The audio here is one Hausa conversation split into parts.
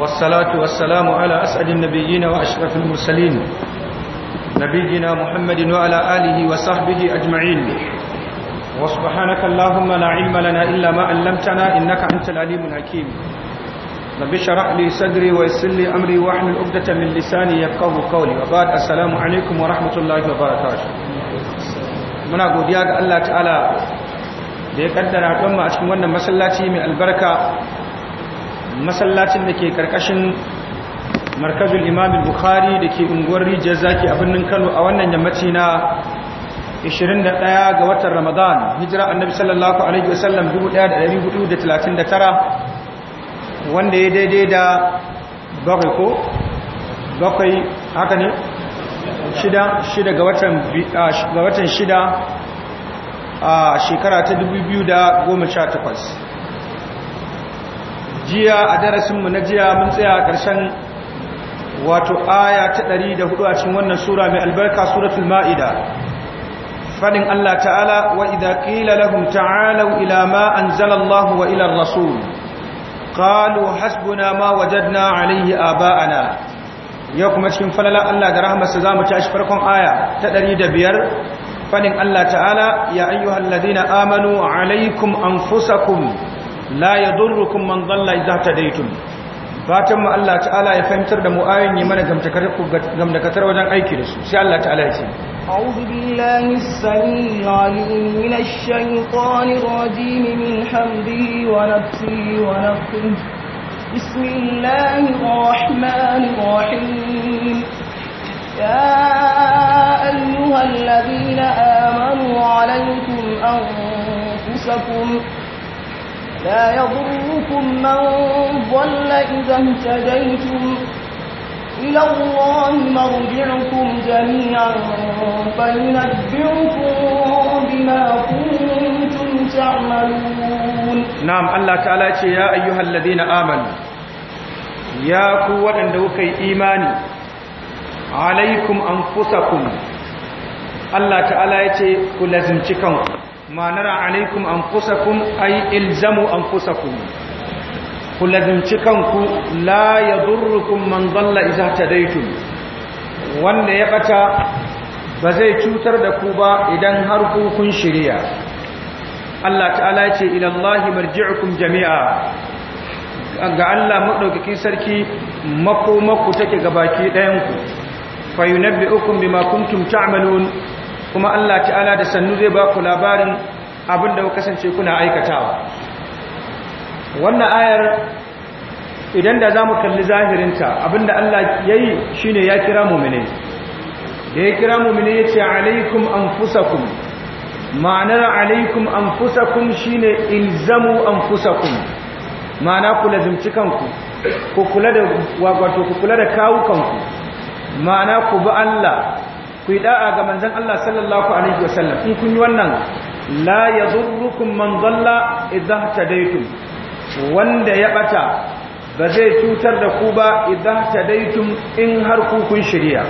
والصلاة والسلام على أسعد النبيين وأشرف المرسلين نبينا محمد وعلى آله وصحبه أجمعين وسبحانك اللهم لا علم لنا إلا ما علمتنا إنك أنت العليم الحكيم رب اشرح لي صدري ويسر لي أمري واحلل عقدة من لساني يفقهوا قولي وبعد السلام عليكم ورحمة الله وبركاته muna godiya ga Allah ta'ala da ya kaddara don mu a cikin wannan masallaci mai albarka masallacin da ke karkashin markazin imam bukhari da ke unguwar rijiyar zaki a birnin kano a wannan yammaci na 21 ga watan ramadan hijira annabi sallallahu alaihi wasallam 1439 wanda ya daidai da bakwai ko bakwai haka ne shida shida ga watan shida a shekara ta 2018 jiya a darasinmu na jiya mun tsaya ƙarshen wato aya ta 104 a cikin wannan sura mai albarka suratul ma'ida fadin Allah ta'ala wa idza qila lahum ta'alu ila ma anzala Allah wa ila ar-rasul qalu hasbuna ma wajadna alayhi aba'ana yau kuma cikin falala Allah da rahmarsa zamu tashi farkon aya ta 105 fadin Allah ta'ala ya ayyuhalladhina amanu alaykum anfusakum لا يضركم من ضل اذا تديتم فاتم الله تعالى يفهم da mu من yi mana gamtakar ku وجن wajen aiki da su sai Allah أعوذ بالله السميع العليم من الشيطان الرجيم من حمده ونفسه ونفسه بسم الله الرحمن الرحيم يا أيها الذين آمنوا عليكم أنفسكم لا يضركم من ضل إذا اهتديتم إلى الله مرجعكم جميعا فينبئكم بما كنتم تعملون نعم الله تعالى يا أيها الذين آمنوا يا قوة عندك إيماني عليكم أنفسكم Allah ta'ala ya ce ku lazimci kanku ma nara alaikum anfusakum ai ilzamu anfusakum ku lazimci kanku la yadurrukum man dalla ta tadaytum wanda ya bata ba zai cutar da ku ba idan har ku kun shirya Allah ta'ala ce ila Allah marji'ukum jami'a ga Allah madaukakin sarki makomaku take gabaki ɗayan ku fayunabbi'ukum bima kuntum ta'malun kuma Allah ta'ala da sannu zai ba ku labarin abin da kasance kuna aikatawa wannan ayar idan da za mu kalli zahirinta abin da Allah ya yi shi ne ya kira mummine da ya kira mummine ya ce alaikum an fusakun ma'anar alaikum an fusakun shi ne ilzamu an fusakun ma'ana kula zimcikanku ku kula da kawukanku ma'ana ku bi Allah ku yi da'a ga manzan Allah sallallahu alaihi wasallam in kun yi wannan la zurrukun manzalla idan ta tadaytum wanda ya bata ba zai cutar da ku ba idan ta tadaytum in har ku kun shirya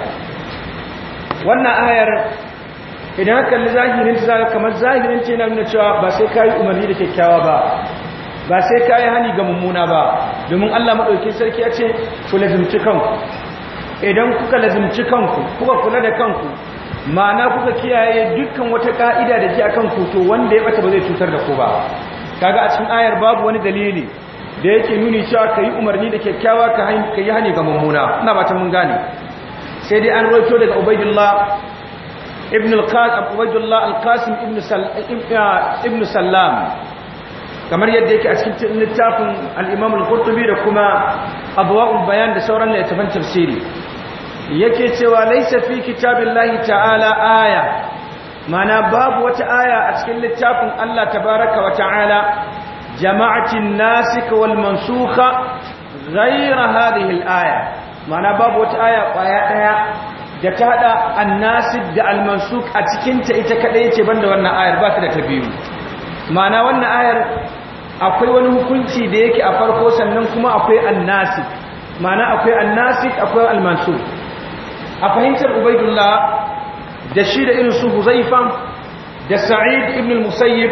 wannan ayar idan kalli zahirin ta kamar zahirin ce na nuna cewa ba sai kayi umarni da kyakkyawa ba ba sai kayi hani ga mummuna ba domin Allah madaukin sarki ya ce ku lazimci kanku idan kuka lazimci kanku kuka kula da kanku ma'ana kuka kiyaye dukkan wata ka'ida da ji a kanku to wanda ya bata ba zai cutar da ku ba kaga a cikin ayar babu wani dalili da yake nuni cewa ka yi umarni da kyakkyawa ka yi hani ga mummuna ina ba ta mun gane sai dai an roito daga ubaidullah ibn al-qasim ubaidullah al-qasim ah, ibn sallam kamar yadda yake a cikin littafin al-imam al-qurtubi da kuma abwaul bayan da sauran littafan tafsiri yake cewa laisa fi kitabillahi ta'ala aya mana babu wata aya a cikin littafin Allah tabaraka wa ta'ala jama'atin nasika wal mansukha ghayra hadhihi al-aya mana babu wata aya kwaya daya da ta hada an-nasik da al-mansukh a cikin ta ita kadai ce banda wannan ayar ba da ta biyu mana wannan ayar akwai wani hukunci da yake a farko sannan kuma akwai an-nasik mana akwai an-nasik akwai al-mansukh a fahimtar ubaidullah da shi da irin su huzaifa da sa'id ibn al-musayyib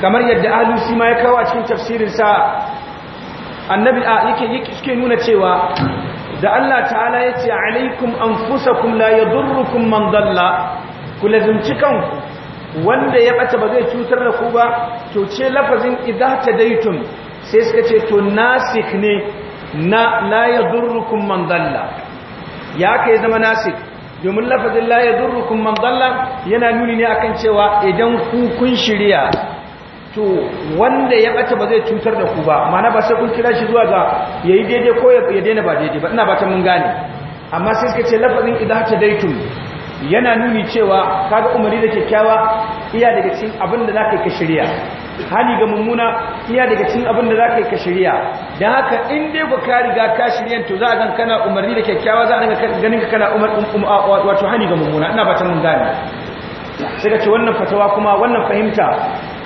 kamar yadda alusi ma ya kawo a cikin tafsirinsa annabi a yake suke nuna cewa da Allah ta'ala ya ce alaikum anfusakum la yadurrukum man dalla ku kanku wanda ya bata ba zai cutar da ku ba to ce lafazin idza daitun sai suka ce to nasik ne na la yadurrukum man dalla ya yi zama nasik domin lafazin laye yadurrukum man dalla yana nuni ne akan cewa idan hukun shirya to wanda ya bata ba zai cutar da ku ba mana ba sai kun kira shi zuwa ga yayi daidai ko ya daina ba daidai ba ina ba ta mun gane amma sai suka ce lafazin idan ta daitum yana nuni cewa kaga umarni da kyakkyawa iya daga cikin abin da zaka ka shirya hali ga mummuna iya daga cikin abin da ka yi ka shirya dan haka in dai ba ka riga ka shirya to za a gan kana umarni da kyakkyawa za a ganin ka kana umar um, um, wato hali ga mummuna ina fatan mun gane sai ka ce wannan fatawa kuma wannan fahimta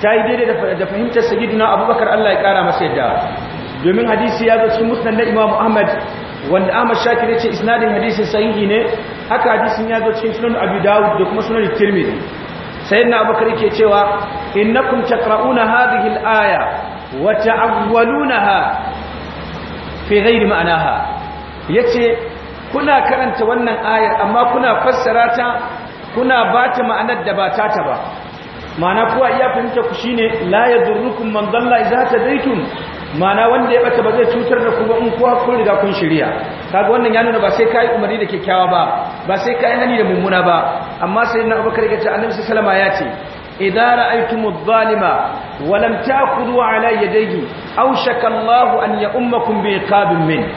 ta yi daidai da fahimtar na abubakar Allah ya kara masa yadda domin hadisi ya zo cikin musnad na imam muhammad wanda ahmad shakir ya ce isnadin hadisin sahihi ne haka hadisin ya zo cikin sunan abu dawud da kuma sunan tirmidhi sayyidina abubakar yake cewa innakum taqra'una hadhihi al-aya wa ta'awwalunaha fi ghairi ma'anaha yace kuna karanta wannan ayar amma kuna fassara ta kuna bata ma'anar da ba ta ta ba ma'ana kuwa iya fahimta ku shine la yadurrukum man dalla idza tadaytum mana wanda ya bata ba zai cutar da kuma in kuwa kun riga kun shirya kaga wannan ya nuna ba sai kai umarni da kyakkyawa ba ba sai kai hani da mummuna ba amma sai na Abubakar ya ce Annabi sallallahu alaihi wasallam ya ce إذا رأيتم الظالم ولم تأخذوا على يديه أوشك الله أن يأمكم بعقاب min.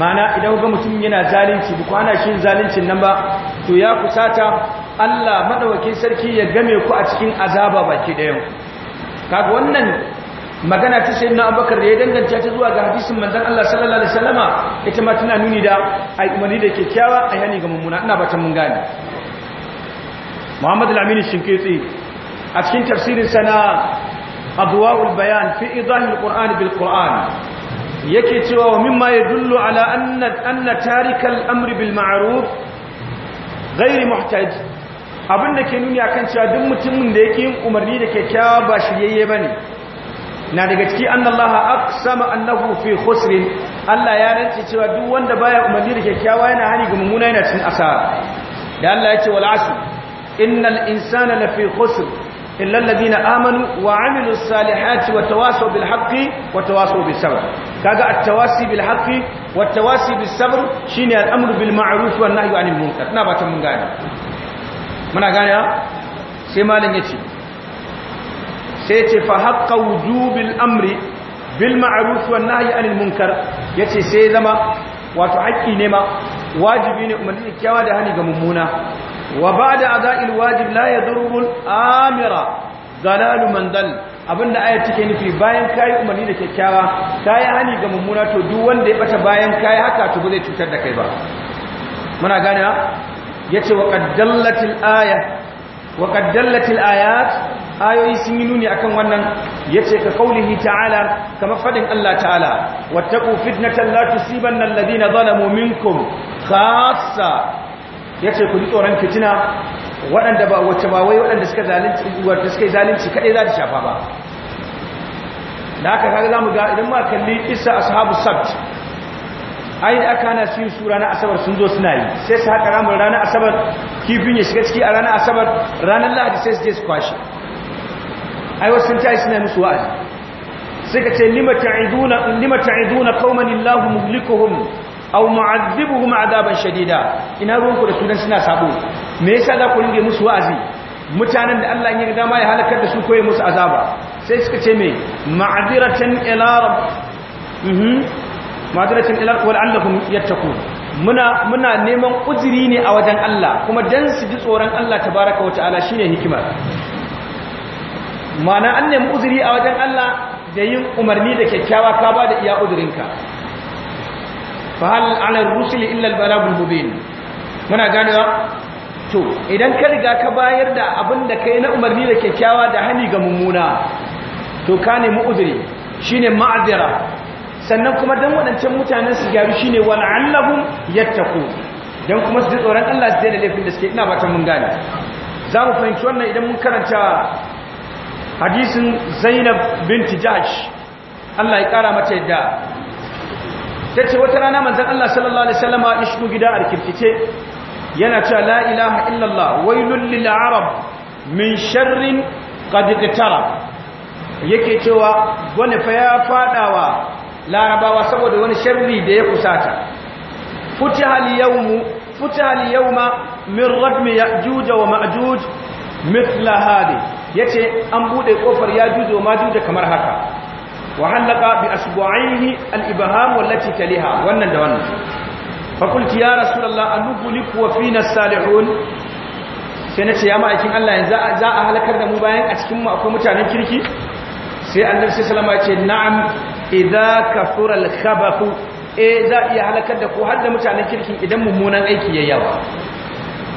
ma'ana idan ga mutum yana zalunci ku ana shin zaluncin nan ba to ya kusata Allah madawakin sarki ya game ku a cikin azaba baki dayan kaga wannan magana ta sai na abubakar da ya danganta ta zuwa ga hadisin manzan Allah sallallahu alaihi wasallama ita ma tana nuni da ai umarni da kyakkyawa ai hani ga mummuna ina batan mun gane Muhammad al-Amin Shinkiti a cikin tafsirin sana adwaul bayan fi idahi al-Qur'an bil Qur'an yake cewa wa mimma yadullu ala anna anna tarika al-amr bil ma'ruf ghairi muhtaj abinda ke nuni akan cewa duk mutumin da yake yin umarni da kyakkyawa ba shiryayye bane na daga ciki annallaha sama annahu fi khusr Allah ya rantsi cewa duk wanda baya umarni da kyakkyawa yana hani ga mummuna yana cikin asara da Allah ya ce wal asr innal insana lafi khusr illa alladhina amanu wa amilus salihati wa tawasaw bil haqqi wa tawasaw bis sabr kaga at-tawasi bil haqqi wa tawasi bis sabr shine al-amru bil ma'ruf wa nahyu anil munkar na ba ta mun gane muna gane sai malam yace sai ce fa haqqa wujubin amri bil ma'ruf wan nahyi anil munkar yace sai zama wato haƙƙi ne ma wajibi ne umarni kyawa da hani ga mummuna wa ba'da ada'il wajib la yadurru amira zalalu Mandal, abinda aya take nufi bayan kayi umarni da kyakkyawa yi hani ga mummuna to duk wanda ya bata bayan kayi haka to ba zai cutar da kai ba muna gane yace wa aya wa qad ayat ayoyi sun yi nuni akan wannan yace ka kaulihi ta'ala kamar faɗin Allah ta'ala wattaqu fitnatan la tusibanna alladhina zalamu minkum khassa yace ku ji tsoron fitina waɗanda ba wacce ba wai waɗanda suka zalunci kaɗai suka zalunci za ta shafa ba da haka kaga mu ga idan ma kalli isa ashabu sabt ai da aka hana su su ranar asabar sun zo suna yi sai su haka ranar asabar kifin ya shiga ciki a ranar asabar ranar lahadi sai su je su kwashe ai wasu sun tashi suna musu wa'azi sai ka ce lima ta'iduna lima ta'iduna qauman illahu muhlikuhum aw mu'adhibuhum adaban shadida ina ruwanku da sunan suna sabo me yasa za ku ringe musu wa'azi mutanen da Allah ya dama ya halakar da su ko ya musu azaba sai suka ce me ma'diratan ila rabb mhm ma'diratan ila rabb wal'allahum yattaqun muna muna neman uzuri ne a wajen Allah kuma dan su ji tsoron Allah tabaaraka wa ta'ala shine hikima mana an nemi uzuri a wajen Allah da yin umarni da kyakkyawa ka ba da iya uzurinka fa hal ala rusuli illa al al mubin muna ganewa to idan ka riga ka bayar da abin da kai na umarni da kyakkyawa da hani ga mummuna to ka nemi uzuri shine ma'azira sannan kuma dan wadancan mutanen su gari shine wal'allahum yattaqu dan kuma su tsoron Allah su da laifin da suke ina ba ta mun gane za mu fahimci wannan idan mun karanta hadisin zainab binti jash Allah ya kara mata yadda ta ce wata rana manzan Allah sallallahu alaihi wasallama ya shigo gida a rikirkice yana cewa la ilaha illallah wailul lil arab min sharrin qad tara yake cewa wani fa ya fadawa larabawa saboda wani sharri da ya kusata futiha al-yawmu futiha al-yawma min radmi ya'juj wa ma'juj mithla hadhihi Ya ce an bude kofar ya juzo ma juzo kamar haka wa halaka bi asbu'aihi al-ibham wallati taliha wannan da wannan fa qulti ya rasulullah anubuliku wa fina salihun sai nace ya ma'aikin Allah yanzu za a halakar da mu bayan a cikin mu akwai mutanen kirki sai annabi sallallahu alaihi wasallam ya ce na'am idza kathura al-khabathu eh za iya halakar da ku har da mutanen kirki idan mummunan aiki yayi yawa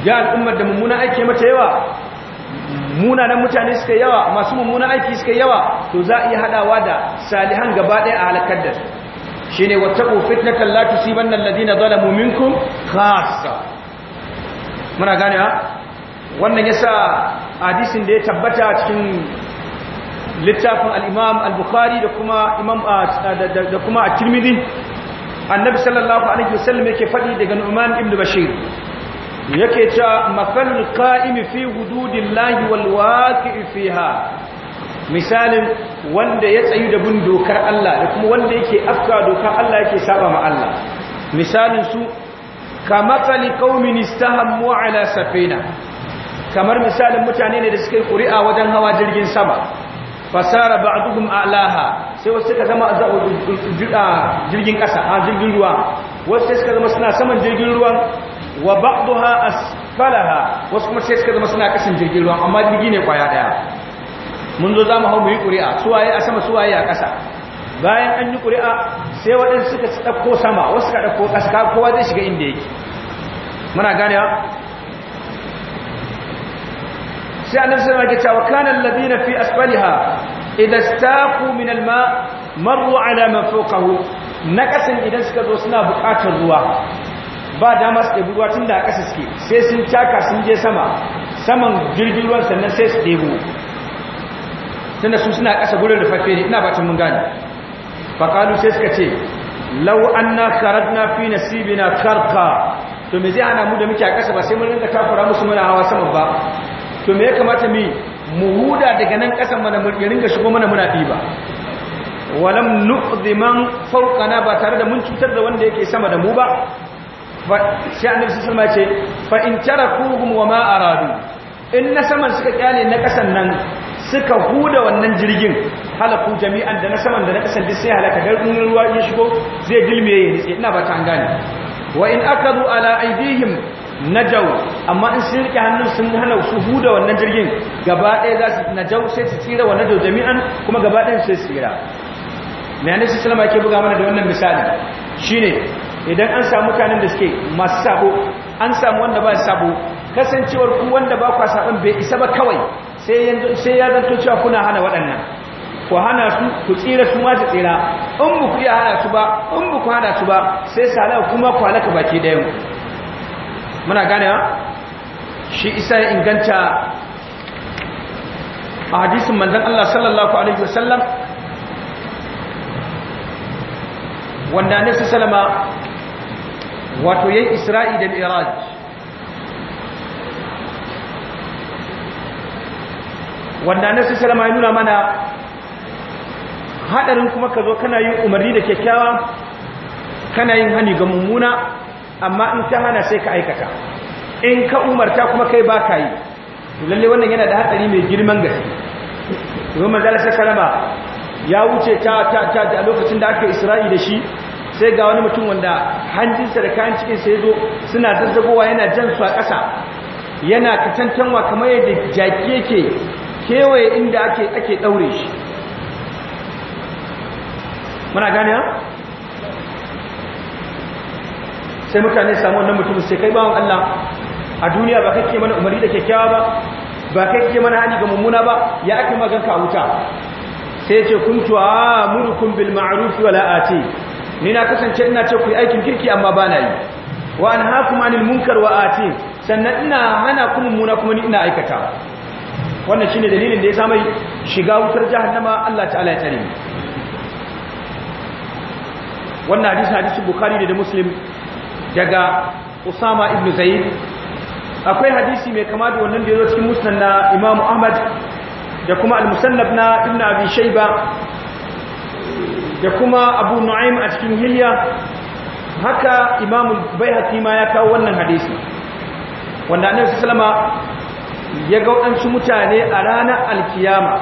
ya al'ummar da mummunan aiki mata yawa munanan mutane suka yawa masu mummunan aiki suka yawa to za a iya hadawa da salihan gaba ɗaya a halakar da su shine na kallatu si wannan ladina zalamu muminkun khassa muna gane ha wannan ya sa hadisin da ya tabbata cikin littafin al'imam al-Bukhari da kuma a da kuma annabi sallallahu alaihi wasallam yake faɗi daga Nu'man ibn Bashir yake cewa masal qa'imi fi hududillahi wal waqi'i fiha misalin wanda ya tsayu da bin dokar Allah da kuma wanda yake afka dokar Allah yake saba ma Allah misalin su kamatsali qaumin istahammu ala safina kamar misalin mutane ne da suka yi ƙuri'a wajen hawa jirgin sama fasara ba'duhum a'laha sai wasu suka zama jirgin ƙasa a jirgin ruwa wasu suka zama suna saman jirgin ruwan wa ba'daha asfalaha wasu kuma sai suka zama suna kasan jirgin ruwa amma digi ne kwaya daya mun zo zamu hau mu yi ƙuri'a suwaye a sama suwaye a ƙasa bayan an yi ƙuri'a sai waɗansu suka ɗauko sama wasu suka ɗauko ƙasa kowa zai shiga inda yake muna ganewa sai annabi sallallahu alaihi wasallam na ce kana alladhina fi asfaliha idha istaqu min alma marru ala man fawqahu nakasin idan suka zo suna buƙatar ruwa ba dama su ɗebi ruwa tun da ƙasa suke sai sun caka sun je sama saman jirgin ruwan sannan sai su ɗebo da su suna ƙasa da rufaffe ne ina batun mun gane faƙalu sai suka ce lau an na fi nasibi na karka to me zai ana mu da muke a ƙasa ba sai mun rinka takura musu muna hawa saman ba to me ya kamata mi mu huda daga nan ƙasan mana mu rinka shigo mana muna ba walam nuqdiman fawqana ba tare da mun cutar da wanda yake sama da mu ba sai annabi sallallahu ce fa in tarakuhum wa ma aradu in na saman suka kyale na kasan nan suka huda wannan jirgin halaku jami'an da na saman da na kasan duk sai halaka garin ruwa ya shigo zai gilme ya nitse ina ba ta gane wa in akadu ala aidihim najau amma in sun rike hannun sun hana su huda wannan jirgin gaba ɗaya za su najau sai su tsira wa najau jami'an kuma gaba ɗaya sai su tsira mai annabi sallallahu alaihi wasallam yake buga mana da wannan misali shine idan an samu mutanen da suke masu sabo an samu wanda ba sabo kasancewar ku wanda ba kwa sabon bai isa ba kawai sai ya zanto cewa kuna hana waɗannan ku hana su ku tsira su ma su tsira in ba ku iya hana su ba in ba ku hana su ba sai salawa kuma ku halaka baki ɗayan muna gane shi isa ya inganta a hadisin manzan Allah sallallahu alaihi wasallam wanda ne su salama wato yan isra'i da mi'raj wanda annabi sallallahu alaihi nuna mana haɗarin kuma ka zo kana yin umarni da kyakkyawa kana yin hani ga mummuna amma in ta hana sai ka aikata in ka umarta kuma kai ba ka yi lalle wannan yana da haɗari mai girman gaske domin manzala sai kalama ya wuce ta ta ta a lokacin da aka isra'i da shi sai ga wani mutum wanda hanjinsa da kayan cikin sai zo suna zazzagowa yana jan su a ƙasa yana katantanwa kamar yadda jaki yake kewaye inda ake ake ɗaure shi muna gane ha sai mutane samu wannan mutum sai kai bawon Allah a duniya ba kake mana umari da kyakkyawa ba ba kake mana hali ga mummuna ba ya ake maganka a wuta sai ce kuntu amurukum bil ma'ruf wala ati ni na kasance ina ce ku yi aikin kirki amma ba na yi wa an haku anil munkar wa sannan ina hana ku muna kuma ni ina aikata wannan shine dalilin da ya sa shiga wutar jahannama Allah ta'ala ya tare wannan hadisi hadisi bukhari da muslim daga usama ibn zaid akwai hadisi mai kama da wannan da zo cikin musnad na imam ahmad da kuma al-musannaf na ibn abi shayba da kuma abu nu'aim a cikin hilya haka imamu bai ma ya kawo wannan hadisi wanda annabi sallama ya ga waɗansu mutane a ranar alkiyama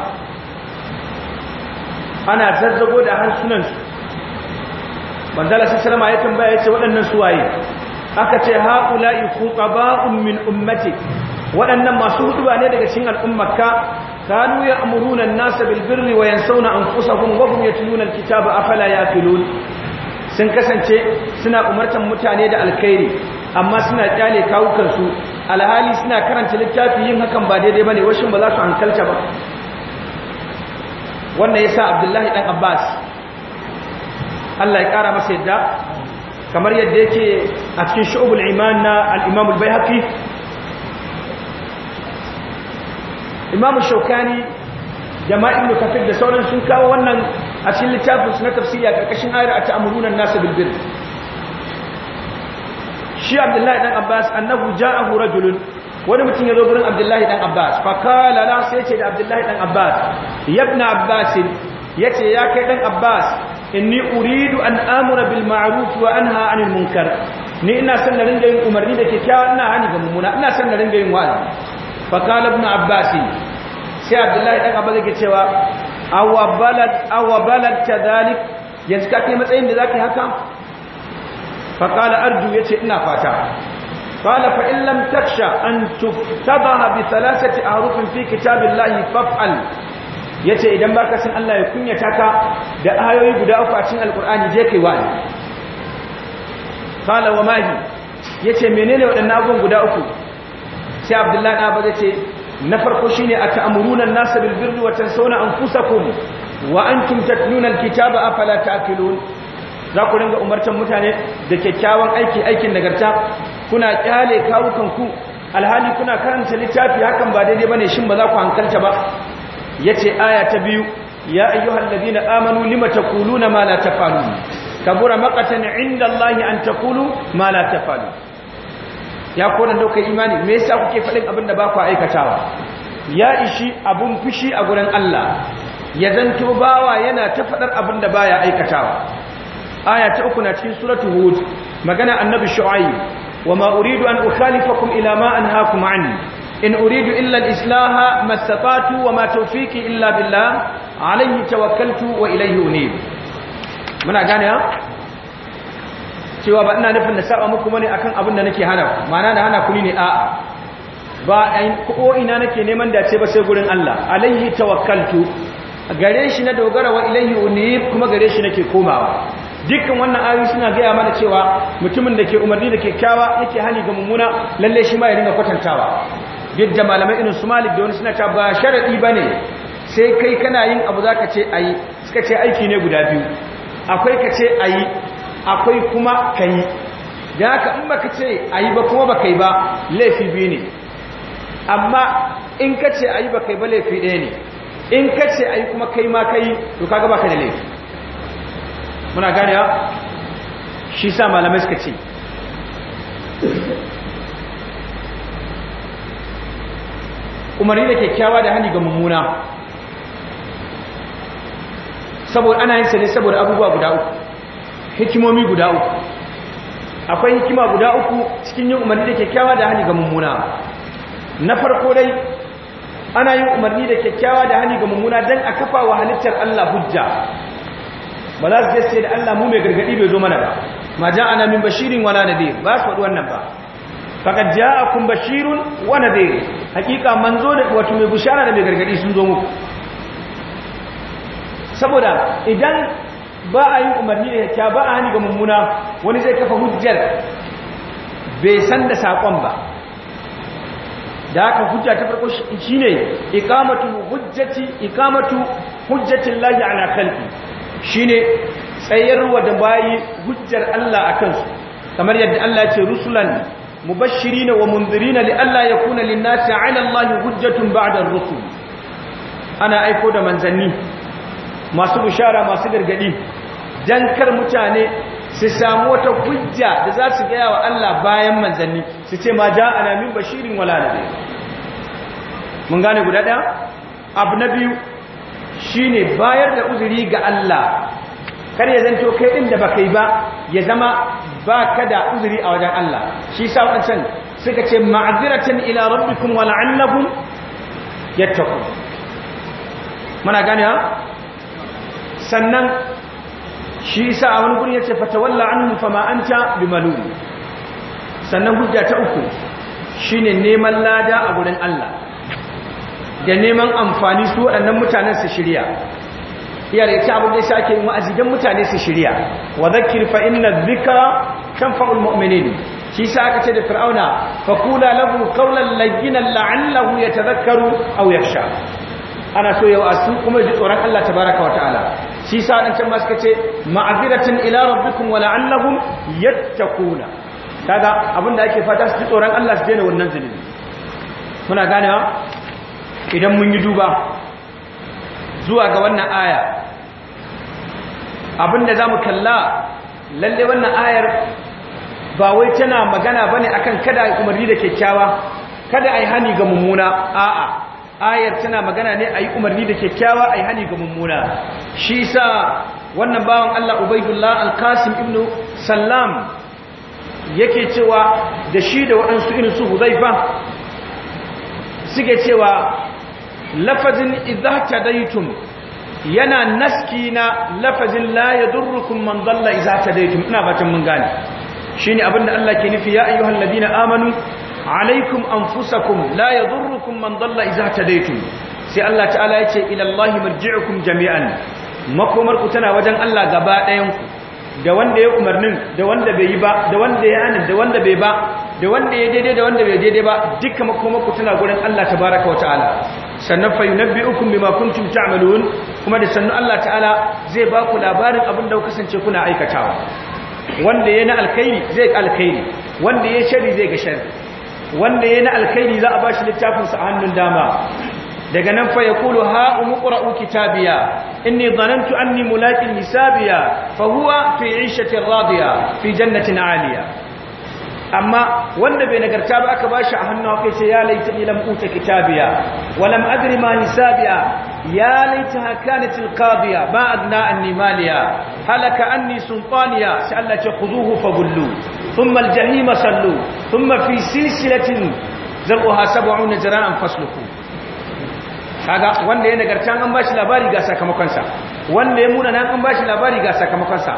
ana zazzago da harsunansu manzala sallama ya tambaya ya ce waɗannan suwaye aka ce haƙula'i kuka ba'un min ummati waɗannan masu hudu ne daga cikin al'ummarka nasa كانوا يأمرون الناس بالبر وينسون أنفسهم وهم يتلون الكتاب أفلا يأكلون sun kasance suna umartan mutane da alkhairi amma suna kyale kawukansu alhali suna karanta littafi yin hakan ba daidai bane washin ba za su hankalta ba wannan yasa Abdullahi dan Abbas Allah ya kara masa yadda kamar yadda yake a cikin shu'ubul iman na al-Imam al imamu shaukani da ma'in da kafir da sauran sun kawo wannan a cikin littafinsu na tafsiri a ƙarƙashin ayar a ta'amurunan nasa bilbil shi abdullahi dan abbas annahu ja'ahu rajulun wani mutum ya zo gurin abdullahi dan abbas fa kala la sai ce da abdullahi dan abbas yabna abbas yace ya kai dan abbas inni uridu an amura bil ma'ruf wa anha 'anil munkar ni ina son na ringa yin umarni da kyakkyawa ina hani ga mummuna ina son na ringa yin wa'azi fakala ibn abbas sai abdullahi dan abba yake cewa awa balad awa balad kadhalik yanzu ka kai matsayin da zaka haka fakala arju yace ina fata qala fa in lam taksha an tuftabaha bi thalathati ahrufin fi kitabillahi faf'al yace idan baka san Allah ya kunyata ka da ayoyi guda uku a cikin alqur'ani je kai wani qala wa mahi yace menene waɗannan abubuwan guda uku sai abdullahi na abu ce na farko shi ne a ta'amurunan nasa bilbirni watan sauna an kusa kun wa an tumtat nunan kitaba a falata akilun za ku ringa umartan mutane da kyakkyawan aiki aikin nagarta kuna kyale ku alhali kuna karanta littafi hakan ba daidai ba ne shin ba za ku hankalta ba ya ce aya ta biyu ya ayyuhan ladina amanu lima taquluna ma la tafalun kabura maqatan inda allahi an taqulu ma la tafalun ya kona daukar imani me yasa kuke faɗin abin da ba ku aikatawa ya ishi abun fushi a gurin Allah ya zanto bawa yana ta faɗar abin da baya aikatawa aya ta uku na cikin suratu hud magana annabi Wa wama uridu an ukhalifakum ila ma anhaakum anhu in uridu illa al-islaha mastata'tu wama tawfiqi illa billah alayhi tawakkaltu wa ilayhi unib muna gane ha cewa ba ina nufin da saba muku bane akan abin da nake hana ma'ana da hana ku ne a'a ba ko ina nake neman dace ba sai gurin Allah alaihi tawakkaltu gare shi na dogara wa ilaihi unib kuma gare shi nake komawa dukkan wannan ayoyi suna gaya mana cewa mutumin da ke umarni da kyakkyawa yake hali ga mummuna lalle shi ma ya dinga kwatantawa duk malamai irin su malik da wani suna ta ba sharadi bane sai kai kana yin abu zaka ce ayi suka ce aiki ne guda biyu akwai ka ce ayi akwai kuma ka yi da haka in baka ce a yi ba kuma ka yi ba laifi biyu ne amma in ka ce a yi ka yi ba laifi ɗaya ne in ka ce a yi kuma kai ma ka yi to kaga baka da laifi muna gane ya shi sa malamai suka ce umarni da kyakkyawa da hani ga mummuna saboda ana yin sa ne saboda abubuwa guda uku hikimomi guda uku akwai hikima guda uku cikin yin umarni da kyakkyawa da hali ga mummuna na farko dai ana yin umarni da kyakkyawa da hali ga mummuna don a kafa wa halittar Allah hujja ba za su je sai da Allah mu mai gargadi bai zo mana ba ma ana min bashirin wala nadir ba su faɗi wannan ba faqad ja'akum bashirun wa nadir hakika manzo da wato mai bushara da mai gargadi sun zo muku saboda idan ba a yi umarni da yake ba a hani ga mummuna wani zai kafa hujjar bai san da sakon ba da aka hujja ta farko shine iqamatu hujjati iqamatu hujjati lahi ala khalqi shine tsayarwa da bayi hujjar Allah akan su kamar yadda Allah ce rusulan mubashirin wa mundirina li alla yakuna lin-nasi ala Allah hujjatun ba'da ar-rusul ana aiko da manzanni masu bishara masu gargadi jan kar mutane su samu wata hujja da za su gaya wa Allah bayan manzanni su ce ma ja ana min bashirin wala da mun gane guda ɗaya abu na biyu shine bayar da uzuri ga Allah kar ya zanto kai ɗin da baka yi ba ya zama ba ka da uzuri a wajen Allah shi sa wancan suka ce ma'aziratin ila rabbikum wa la'allakum yattaqun muna gane ha sannan shi isa a wani gurin ya ce walla an fama an ta bi malumi sannan hujja ta uku shi ne neman lada a gurin Allah da neman amfani su waɗannan mutanen su shirya iya da ita abin da ya ake wa'azi don mutane su shirya wa zakir fa inna zikra tanfa'ul mu'minin shi sa aka ce da fir'auna fa kula lahu qawlan layyinan la'allahu yatadhakkaru aw yakhsha ana so ya wa'azu kuma ji tsoron Allah tabaraka wa ta'ala shi sa nan can ma suka ce ma'aziratin ila rabbikum wa la'allahum yattaquna kaga abinda ake fata su ji tsoron Allah su daina wannan zunubi muna ganewa idan mun yi duba zuwa ga wannan aya abinda zamu kalla lalle wannan ayar ba wai tana magana bane akan kada umarni da kyakkyawa kada ai hani ga mummuna a'a ayar tana magana ne a yi umarni da kyakkyawa a yi hani ga mummuna shi sa wannan bawan Allah Ubaidullah Al-Qasim ibn Sallam yake cewa da shi da waɗansu irin su Huzaifa suke cewa lafazin idza tadaitum yana naski na lafazin la yadurrukum man dalla idza tadaitum ina fatan mun gane shine abinda Allah ke nufi ya ayyuhal ladina amanu alaikum anfusakum la yadurrukum man dalla ta tadaytum sai Allah ta'ala ce, ilallahi Allah marji'ukum jami'an Makomarku tana wajen Allah gaba ɗayan ku da wanda ya umarnin da wanda bai yi ba da wanda ya anin da wanda bai ba da wanda ya daidai da wanda bai daidai ba duka makomarku tana gurin Allah tabaraka wa ta'ala sannan fa yunabbi'ukum bima kuntum ta'malun kuma da sannu Allah ta'ala zai ba ku labarin abin da kasance kuna aikatawa wanda ya na alkhairi zai alkhairi wanda ya shari zai ga shari wanda yana alkhairi za a bashi littafin sa a hannun dama daga nan fa yaqulu ha umqra'u kitabiya inni dhanantu anni mulaqin hisabiya fa huwa fi 'ishatin radiya fi jannatin 'aliya amma wanda bai nagarta ba aka bashi a hannu akai sai ya laita ni lam uta kitabiya wa lam adri ma hisabiya ya laita hakanat alqadiya ba adna anni maliya halaka anni sultaniya sai Allah ce khuduhu gullu. ثم الجحيم صلوا ثم في سلسلة زرقها سبعون زراعا فاسلكوا kaga wanda ya nagarta an bashi labari ga sakamakonsa wanda ya muna nan an bashi labari ga sakamakonsa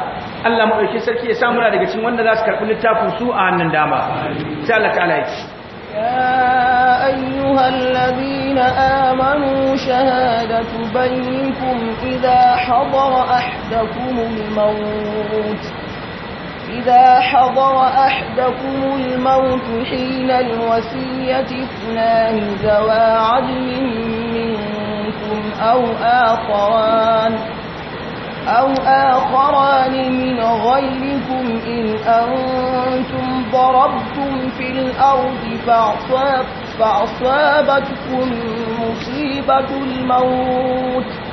Allah madauki sarki ya sa muna daga cikin wanda za su karbi littafin su a hannun dama sai Allah ta'ala ya ce يا أيها الذين آمنوا شهادة بينكم إذا حضر أحدكم الموت إذا حضر أحدكم الموت حين الوسية اثنان ذوى عدل منكم أو آخران أو آخران من غيركم إن أنتم ضربتم في الأرض فأصابتكم مصيبة الموت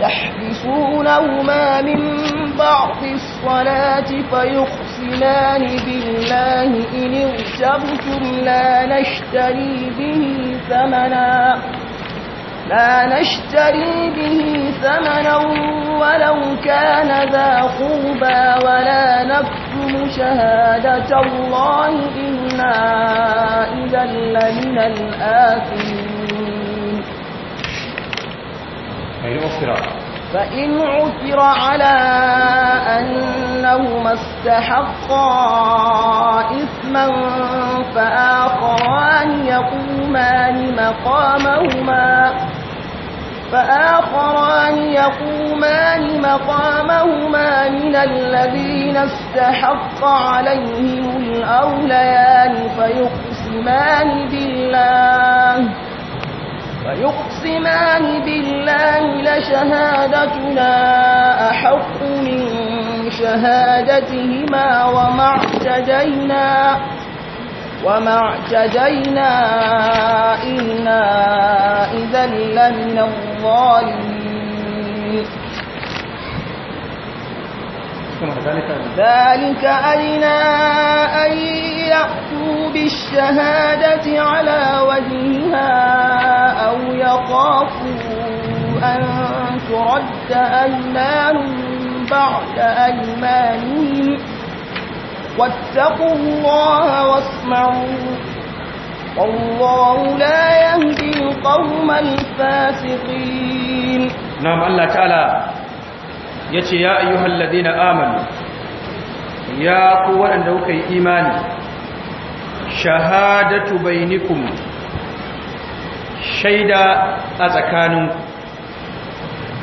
يحبسونهما من بعض الصلاة فيقسمان بالله إن ارتبتم لا نشتري به ثمنا لا نشتري به ثمنا ولو كان ذا قربى ولا نكتم شهادة الله إنا إذا لمن الآثمين يعني فإن عثر على أنهما استحقا إثما فآخران يقومان مقامهما فآخران يقومان مقامهما من الذين استحق عليهم الأوليان فيقسمان بالله ويقسمان بالله لشهادتنا أحق من شهادتهما وما اعتدينا وما اعتدينا إنا إذا لمن الظالمين ذلك أدنى أن يأتوا بالشهادة على وجهها أو يخافوا أن ترد أيمان بعد أيمانهم واتقوا الله واسمعوا والله لا يهدي القوم الفاسقين نعم الله تعالى ya ce ya ayyuhal na amanu ya ku waɗanda kuka yi imani shahadatu bainikum shaida a tsakaninku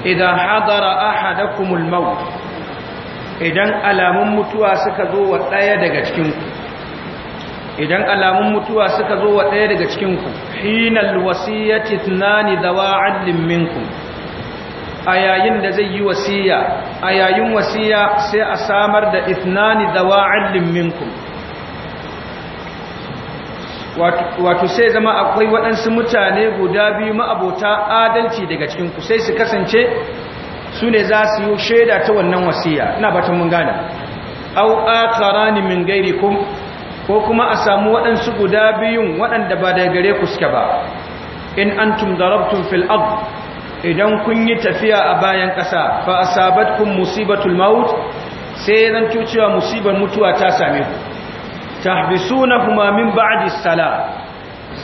idan hadara ahadakumul maut idan alamun mutuwa suka zo wa ɗaya daga cikinku idan alamun mutuwa suka zo wa ɗaya daga cikinku hinal wasiyyati tunani da adlin minkum a yayin da zai yi wasiya a yayin wasiya sai a samar da ithnani da wa'adin minkum wato sai zama akwai waɗansu mutane guda biyu ma'abota adalci daga cikinku sai su kasance su ne za su yi shaida ta wannan wasiya ina batun mun gane au akarani min gairikum ko kuma a samu waɗansu guda biyun waɗanda ba da gare ku suke ba in antum darabtum fil ard idan kun yi tafiya a bayan ƙasa fa asabatkum musibatul maut sai zan cewa musibar mutuwa ta same ku tahbisunahuma min ba'di sala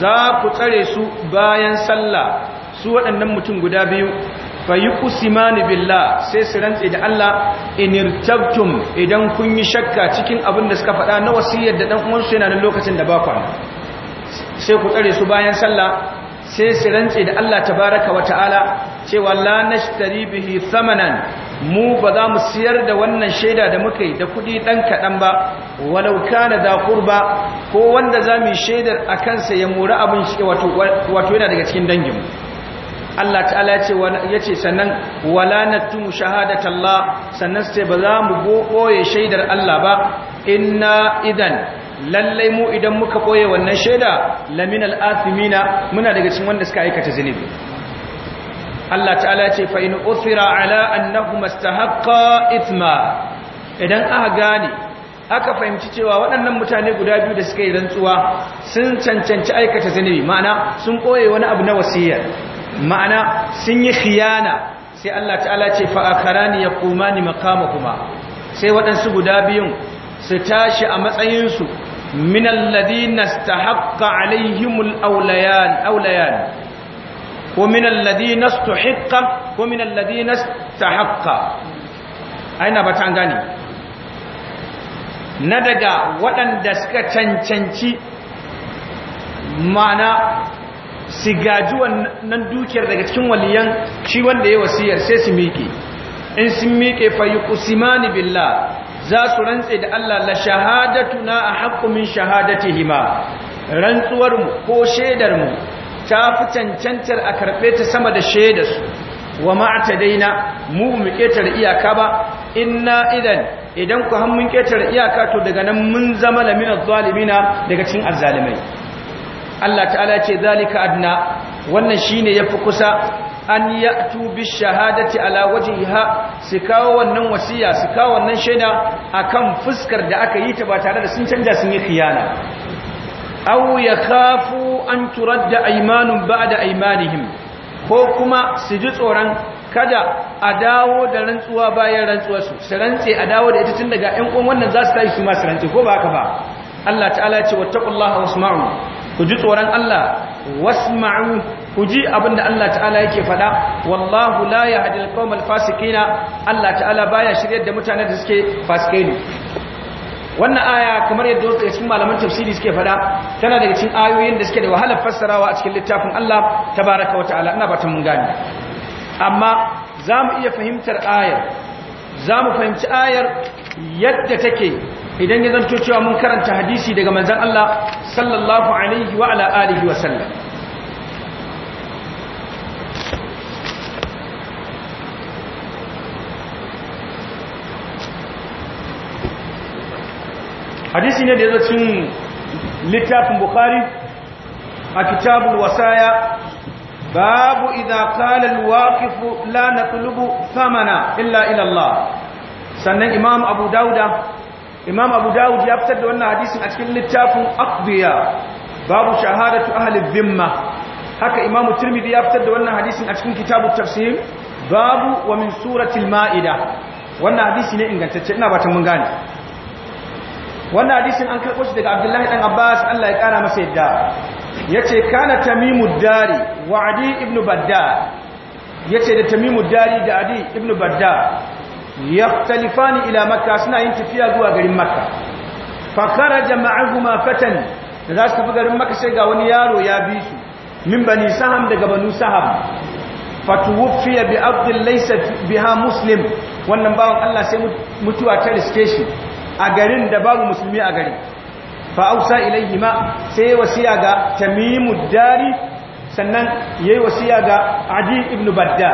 za ku tsare su bayan sallah su waɗannan mutum guda biyu fa yuqsimani billah sai su rantse da Allah in irtabtum idan kun yi shakka cikin abin da suka faɗa na wasiyar da dan uwansu yana nan lokacin da ba kwana sai ku tsare su bayan sallah sai su rantse da Allah tabaraka wa ta'ala cewa la nashtari bihi samanan mu ba za mu siyar da wannan shaida da muka yi da kuɗi ɗan kaɗan ba walau kana da kurba ko wanda za mu shaidar a kansa ya mori abin shi wato yana daga cikin danginmu Allah ta'ala ya ce sannan wala natumu shahadatallah sannan sai ba za mu boye shaidar Allah ba inna idan lallai mu idan muka ɓoye wannan shaida lamin al'asimina muna daga cikin wanda suka aikata zinubi Allah ta'ala ce fa in usira ala annahu mastahaqqa ithma idan aka gane aka fahimci cewa waɗannan mutane guda biyu da suka yi rantsuwa sun cancanci aikata zinubi ma'ana sun ɓoye wani abu na wasiyya ma'ana sun yi khiyana sai Allah ta'ala ce fa akharani yaqumani maqamakuma sai waɗansu guda biyun su tashi a matsayinsu من الذين استحق عليهم الأوليان أوليان ومن الذين استحق ومن الذين استحق أين بتعنقاني ندقى ودن دسك تنتنتي معنى sigaji wannan dukiyar daga cikin waliyan shi wanda ya wasiyar sai su miƙe in sun miƙe fa yuqsimani billah za su rantse da Allah la shahadatuna ahaqqu min hima rantsuwar mu ko shaidarmu mu ta fi cancantar a karɓe ta sama da shedar wa ma'ata daina mu mu ƙetar iyaka ba inna idan idan ku han mun iyaka to daga nan mun zama da minar zalimina daga cin azzalimai Allah ta'ala ce zalika adna wannan shine yafi kusa an ya tubi shahadati ala wajhiha su kawo wannan wasiya su kawo wannan shaida akan fuskar da aka yi ta ba tare da sun canja sun yi khiyana aw yakhafu an turadda aymanun ba'da aymanihim ko kuma su ji tsoron kada a dawo da rantsuwa bayan rantsuwarsu su rantse a dawo da ita tun daga ɗan uwan wannan za su tashi su ma su rantse ko ba haka ba Allah ta'ala ya ce wattaqullaha wasma'u ku ji tsoron Allah wasma'u ku ji abinda Allah ta'ala yake faɗa wallahu la yahdil qawmal fasikina, Allah ta'ala baya shiryar da mutanen da suke fasikai ne wannan aya kamar yadda wasu cikin malaman tafsiri suke faɗa tana daga cikin ayoyin da suke da wahalar fassarawa a cikin littafin Allah tabaraka wa ta'ala ina batun mun gane amma zamu iya fahimtar ayar zamu fahimci ayar yadda take idan ya zanto cewa mun karanta hadisi daga manzon Allah sallallahu alaihi wa ala alihi wa sallam hadisi ne da ya zacin littafin bukhari a kitabun wasaya babu idza qala alwaqifu la illa ila Allah sannan imam abu dauda imam abu ya fitar da wannan hadisin a cikin littafin aqdiya babu shahadatu ahalin dhimma haka imam tirmidhi ya fitar da wannan hadisin a cikin kitabut tafsir babu wa min suratil maida wannan hadisi ne ingantacce ina ba ta mun gane wannan hadisin an karɓo shi daga abdullahi ɗan abbas allah ya ƙara masa yadda ya ce kana tamimu dari wa adi ibn badda ya ce da tamimu dari da adi ibn badda ya talifani ila makka suna yin tafiya zuwa garin makka fakara jama'ahuma fatan da za su tafi garin makka sai ga wani yaro ya bi su min bani saham daga banu saham fatuwufiya bi abdul biha muslim wannan bawan allah sai mutuwa ta riske shi a garin da babu musulmi a gari. fa ausa ma sai wasiya ga tamimud dari sannan yayi wasiya ga adi ibn badda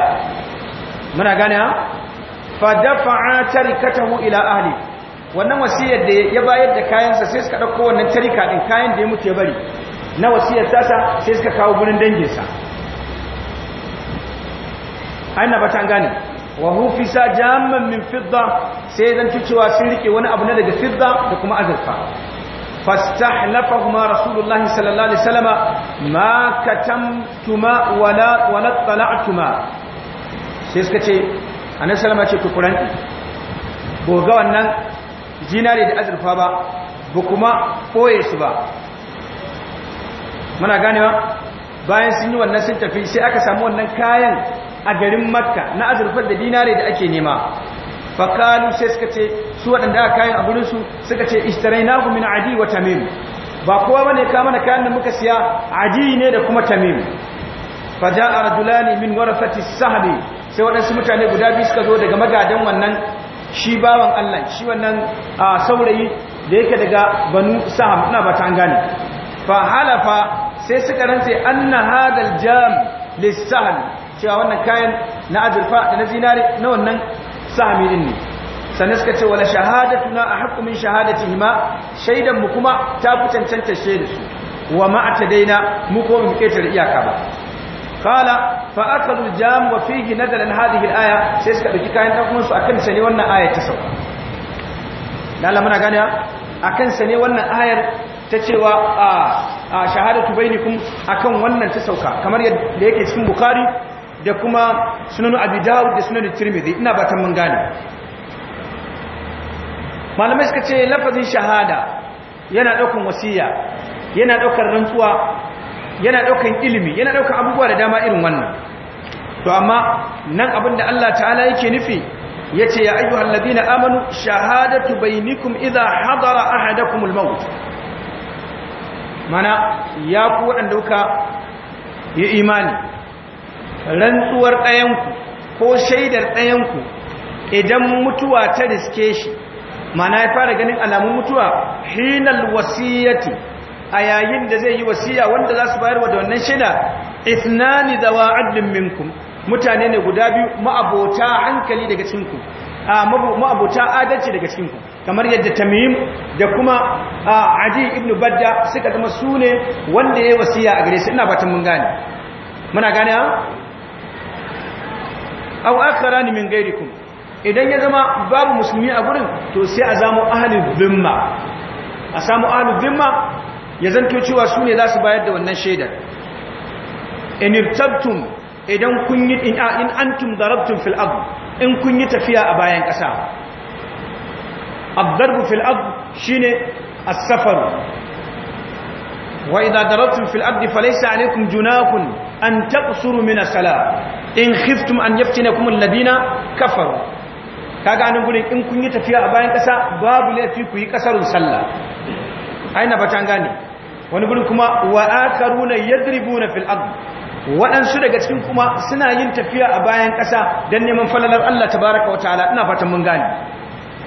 muna gane fa dafa'a tarikatahu ila ahli wannan wasiyar da ya bayar da kayansa sai suka dauko wannan tarika din kayan da ya mutu ya bari na wasiyar tasa sai suka kawo gurin danginsa ai na an gane wa hufisa jamman min fidda sai zan cewa sun rike wani abu ne daga fidda da kuma azurfa fastahlafa رسول rasulullahi sallallahu alaihi wasallama ma katamtuma wala wala tala'tuma sai suka ce annabi sallama ce ku kuran ga wannan jinare da azurfa ba ba kuma koye su ba muna ganewa bayan sun yi wannan sun tafi sai aka samu wannan kayan a garin makka na azurfar da dinare da ake nema fakalu sai suka ce su waɗanda aka kayan abuninsu suka ce gumi min adi wa tamim ba kowa ba ne na kayan da muka siya adi ne da kuma tamim a rajulani min fati sahabi sai waɗansu mutane guda biyu suka zo daga magadan wannan shi bawan Allah shi wannan saurayi da yake daga banu saham ina ba ta gane fa halafa sai suka rantse anna hadal jam cewa wannan kayan na azurfa da na zinare na wannan sami din ne sannan suka ce wala shahadatuna haƙƙu min shahadatihima shaidan mu kuma ta fi cancanta shaidu su wa ma daina mu ko mu da iyaka ba kala fa akhadhu jam wa fihi nadalan hadhihi al-aya sai suka dauki kayan ɗan su akan sani wannan aya ta sauka dan Allah muna gane akan sani ne wannan ayar ta cewa a shahadatu bainikum akan wannan ta sauka kamar yadda yake cikin bukhari da kuma sunan abi dawud da sunan tirmidhi ina batan mun gane malamai suka ce lafazin shahada yana daukan wasiya yana daukan rantsuwa yana daukan ilimi yana daukan abubuwa da dama irin wannan to amma nan abinda Allah ta'ala yake nufi yace ya ayyuhal ladina amanu shahadatu bainakum idha hadara ahadakumul maut mana ya ku wadanda kuka yi imani rantsuwar ɗayanku ko shaidar ɗayanku idan mutuwa ta riske shi mana ya fara ganin alamun mutuwa hinal wasiyati a yayin da zai yi wasiya wanda za su bayarwa da wannan shaida isnani zawa adlin minkum mutane ne guda biyu ma'abota hankali daga cikinku ma'abota adalci daga cikinku kamar yadda tamim da kuma aji ibn badda suka zama su ne wanda ya yi wasiya a gare su ina batun mun gane muna gane ha aw akharani min ghairikum idan ya zama babu musulmi a gurin to sai a zamo ahli dhimma a samu ahli dhimma ya zanto cewa su ne za su bayar da wannan shaidar in idan kun yi in antum darabtum fil ard in kun yi tafiya a bayan ƙasa ad-darbu fil ard shine as-safar wa idha darabtum fil ard falaysa alaykum junahun an taqsuru min as in khiftum an yaftinakum alladhina kafaru kaga anan gurin in kun yi tafiya a bayan kasa babu laifi ku yi kasarun sallah aina bata gane wani gurin kuma wa akaruna yadribuna fil ard waɗansu daga cikin kuma suna yin tafiya a bayan ƙasa don neman falalar Allah tabaraka wa ta'ala ina fatan mun gane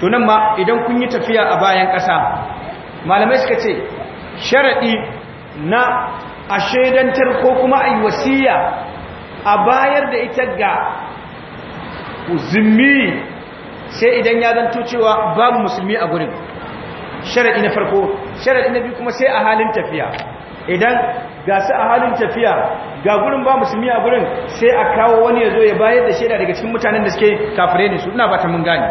to nan ma idan kun yi tafiya a bayan kasa, malamai suka ce sharaɗi na a shaidantar ko kuma a yi wasiya a bayar da ita ga zimmi sai idan ya zanto cewa babu musulmi a gurin shari'i na farko shari'i na biyu kuma sai a halin tafiya idan ga su a halin tafiya ga gurin ba musulmi a gurin sai a kawo wani ya zo ya bayar da shaida daga cikin mutanen da suke kafire ne su ina ba ta mun gane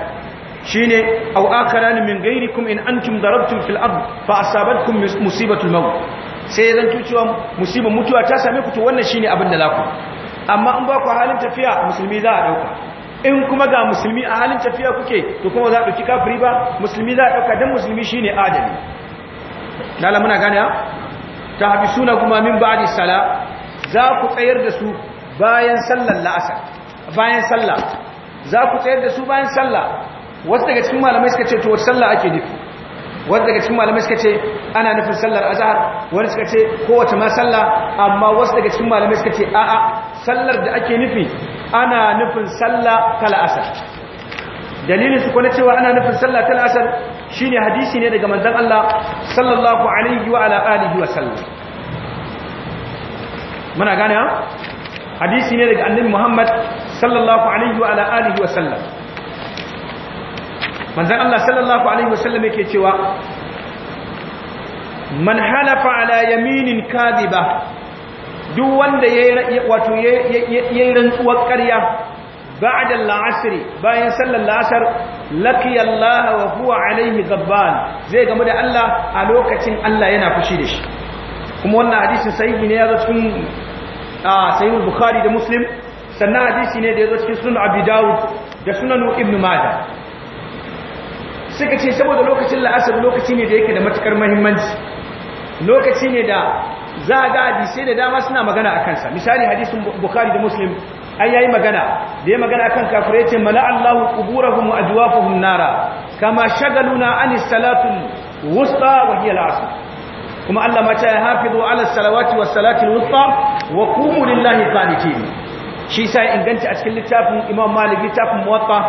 shine aw akharani min gairikum in antum darabtum fil ard fa asabatkum musibatul maut sai zan tuciwa musibar mutuwa ta same ku to wannan shine abin da laku amma in ba ku halin tafiya musulmi za a dauka in kuma ga musulmi a halin tafiya kuke to kuma za a dauki kafiri ba musulmi za a dauka dan musulmi shine adali dala muna gane ta suna kuma min ba'di sala za ku tsayar da su bayan sallar la'asar bayan sallah za ku tsayar da su bayan sallah wasu daga cikin malamai suka ce to sallah ake nufi wanda daga cikin malamai suka ce ana nufin sallar azhar wani suka ce kowace ma sallah amma wasu daga cikin malamai suka ce a'a sallar da ake nufi ana nufin sallah ta la'asar dalilin su kone cewa ana nufin sallah ta la'asar shine hadisi ne daga manzon Allah sallallahu alaihi wa ala alihi wa sallam muna gane ha hadisi ne daga annabi Muhammad sallallahu alaihi wa ala alihi wa sallam manzon Allah sallallahu alaihi wasallam yake cewa man halafa ala yaminin kadhiba duk wanda yayi wato yayi rantsuwar ƙarya ba'da al bayan sallar la'asar, asr laqiya wa huwa alaihi gabban zai gamu da Allah a lokacin Allah yana fushi da shi kuma wannan hadisin sahihi ne ya zo cikin sahihul bukhari da muslim sannan hadisi ne da ya zo cikin sunan abi da sunan ibn mada suka ce saboda lokacin la'asar lokaci ne da yake da matukar mahimmanci lokaci ne da za a ga hadisai da dama suna magana a kansa misali hadisin bukari da muslim an yayi magana da ya magana akan kafirai ce mala allahu quburahum wa nara kama shagaluna anis salatu wusta wa hiya al'asr kuma Allah ma ta hafizu ala salawati was salati wusta wa qumu lillahi qanitin shi sai inganta a cikin littafin imam malik littafin muwatta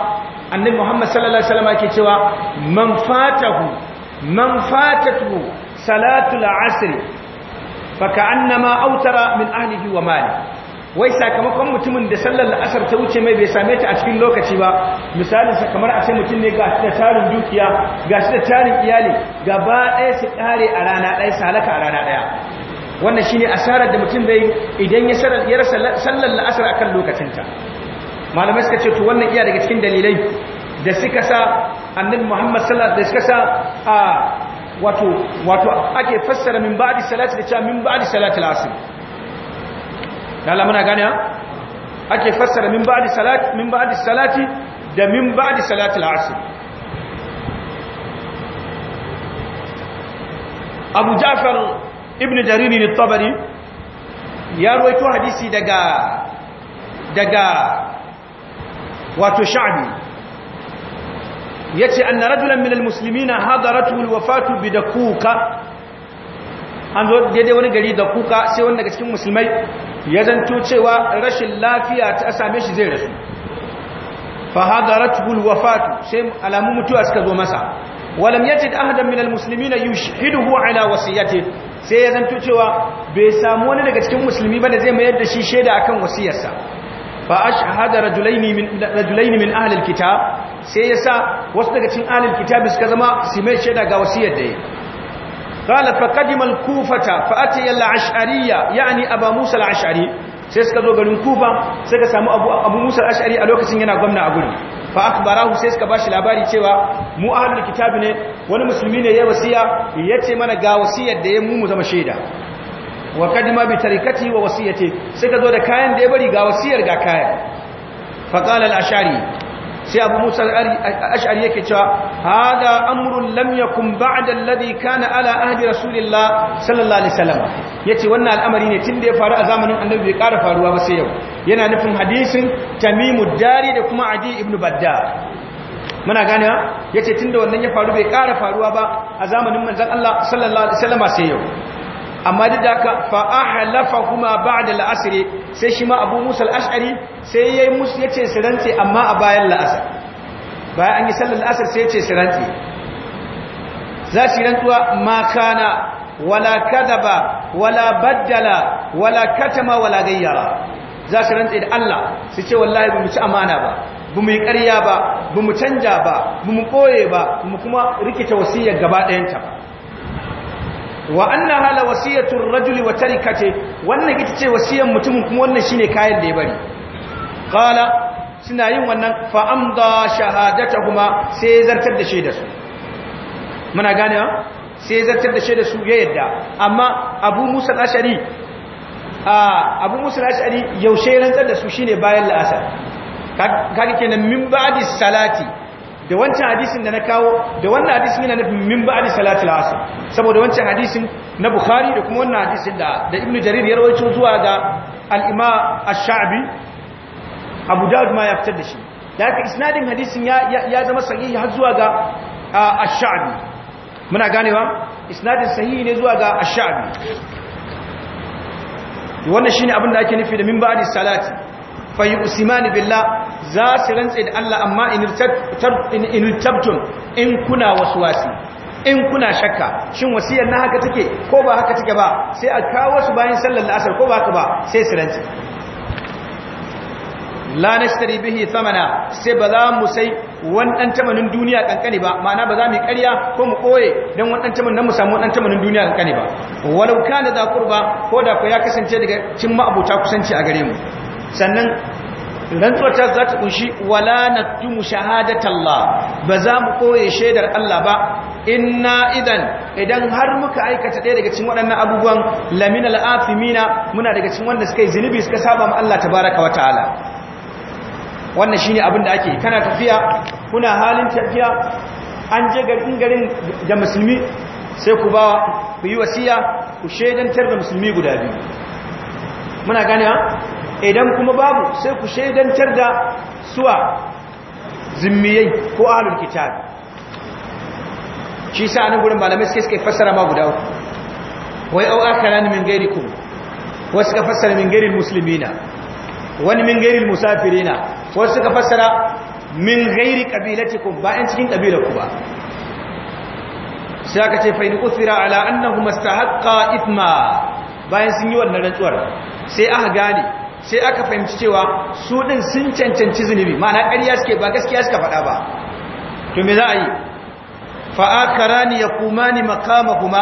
annabi muhammad sallallahu alaihi wasallam ke cewa man fatahu man fatatu salatul asr faka annama autara min ahlihi wa mali wai sakamakon mutumin da sallar la'asar ta wuce mai bai same ta a cikin lokaci ba misali kamar a ce mutum ne ga shi da tarin dukiya ga shi da tarin iyali gaba ɗaya su ƙare a rana ɗaya salaka a rana ɗaya wannan shine asarar da mutum bai idan ya rasa sallar asar akan lokacinta malamai suka ce to wannan iya daga cikin dalilai da suka sa annabi Muhammad sallallahu da suka sa a wato wato ake fassara min ba'di salati da cewa min ba'di salatil asr dala muna gane ake fassara min ba'di salati min ba'di salati da min ba'di salati asr Abu Ja'far ibn Jarir al-Tabari ya ruwaito hadisi daga daga wato ya sha'abi yace anna rajulan minal muslimina bi da kuka an zo daidai wani gari da kuka sai wani daga cikin musulmai ya zanto cewa rashin lafiya ta same shi zai rasu fa hadaratu alwafatu sai alamun mutuwa suka zo masa walam yajid ahadan minal muslimina yushhiduhu ala wasiyatihi sai ya zanto cewa bai samu wani daga cikin musulmi ba da zai mayar da shi shaida akan wasiyarsa fa ashhada rajulaini min rajulaini min ahli alkitab sai yasa wasu daga cikin ahli alkitab suka zama su mai shaida ga wasiyar da yi qala fa qadima alkufata fa atiya alashariya yani aba musa ashari sai suka zo garin kufa suka samu abu abu musa ashari a lokacin yana gwamna a guri fa akbarahu sai suka bashi labari cewa mu ahlul kitab ne wani musulmi ne ya wasiya yace mana ga wasiyar da ya mu mu zama shaida wa kadima bi tarikati wa wasiyati sai ka zo da kayan da ya bari ga wasiyar ga kayan fa qala al-ashari sai abu musa al-ash'ari yake cewa hada amrun lam yakun ba'da alladhi kana ala ahdi rasulillah sallallahu alaihi wasallam yace wannan al'amari ne tun da ya faru a zamanin annabi bai ƙara faruwa ba sai yau yana nufin hadisin tamimu dari da kuma adi ibn badda muna gane yace tun da wannan ya faru bai ƙara faruwa ba a zamanin manzon Allah sallallahu alaihi wasallam sai yau amma duk da haka fa ahlafa kuma ba'da al'asr sai shi ma Abu Musa al sai yayi musu yace su amma a bayan la'asar bayan an yi sallar la'asar sai yace su rantse za su rantsuwa ma kana wala kadaba wala baddala wala katama wala gayyara za su rantse da Allah su ce wallahi ba mu ci amana ba ba yi ƙarya ba bamu canja ba ba mu koye ba ba mu kuma rikita wasiyar gaba ɗayanta ba wa annaha la wasiyatur rajuli wa tarikati wannan ita ce wasiyar mutumin kuma wannan shine kayan da ya bari qala suna yin wannan fa amda shahadatahuma sai zartar da shaidar su muna ganewa sai zartar da shaidar su ya yadda amma abu musa al-ashari a abu musa al-ashari yaushe rantsar da su shine bayan la'asar kaga kenan min ba'di salati da wancan hadisin da na kawo da wannan hadisin yana nufin min ba'di salatul asr saboda wancan hadisin na bukhari da kuma wannan hadisin da da ibnu jarir ya rawaito zuwa ga al ima ash-sha'bi abu daud ma ya fitar da shi da haka isnadin hadisin ya ya zama sahihi har zuwa ga ash-sha'bi muna ganewa isnadin sahihi ne zuwa ga ash-sha'bi wannan shine abin da ake nufi da min ba'di salati usimani billah za su rantse da Allah amma in irtabtum in kuna wasu wasi in kuna shakka shin wasiyar na haka take ko ba haka take ba sai a kawo su bayan sallar la'asar ko ba haka ba sai su rantse la nashtari bihi thamana sai ba za mu sai wannan tamanin duniya kankane ba ma'ana ba za mu yi ƙarya ko mu koye don wannan tamanin nan mu samu wannan tamanin duniya kankane ba walau kana da qurba ko da ku ya kasance daga cin ma'abuta kusanci a gare mu sannan rantsuwar ta za ta kunshi wala na naktumu shahadatallah ba za mu koye shaidar Allah ba inna idan idan har muka aikata ɗaya daga cikin waɗannan abubuwan lamina la'afimina muna daga cikin wanda suka yi zunubi suka saba ma Allah ta baraka wa ta'ala wannan shine abin da ake kana tafiya kuna halin tafiya an je garin garin da musulmi sai ku ba ku yi wasiya ku shaidantar da musulmi guda biyu muna ganewa idan kuma babu sai ku shaidantar da suwa zimmiyai ko ahalun kitab shi sa nan gurin malamai suke suke fassara ma guda wata. wai au akaran min gairikum wasu ka fassara min gairin musulmina wani min gairin musafirina wasu suka fassara min gairi kabilatikum ba yan cikin ku ba sai aka ce fa in uthira ala annahum haƙƙa ithma bayan sun yi wannan rantsuwar sai aka gane sai aka fahimci cewa su ɗin sun cancanci zunubi ma'ana ƙariya suke ba gaskiya suka faɗa ba to me za a yi fa'akarani ya kuma ni makama kuma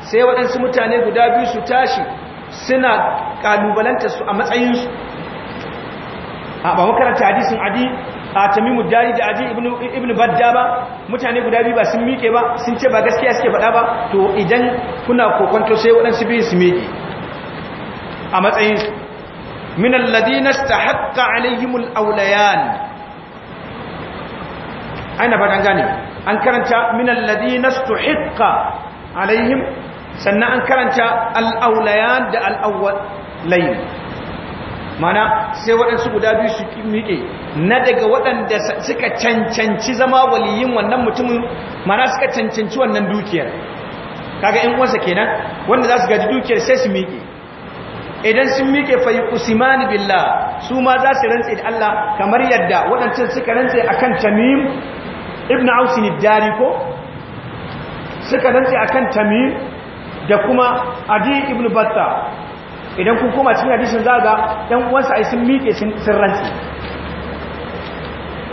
sai waɗansu mutane guda biyu su tashi suna ƙalubalanta su a matsayinsu a ba makaranta hadisun adi a tamimu dari da aji ibn badda ba mutane guda biyu ba sun miƙe ba sun ce ba gaskiya suke faɗa ba to idan kuna kokonto sai waɗansu biyu su miƙe a matsayinsu min alladhina istahaqqa alaihimul awlayan aina ba dan gane an karanta min alladhina istuhiqqa alaihim sannan an karanta al da al mana sai waɗansu guda biyu su na daga waɗanda suka cancanci zama waliyin wannan mutumin mana suka cancanci wannan dukiyar kaga in uwansa kenan wanda za su gaji dukiyar sai su miƙe idan sun mike fayi kusimani billah su ma za su rantse da Allah kamar yadda waɗancan suka rantse kan tamim ibn ausin dari ko suka rantse kan tamim da kuma adi ibn batta idan kun koma cikin hadisin zaga, ɗan ɗan uwansa yi sun mike sun rantse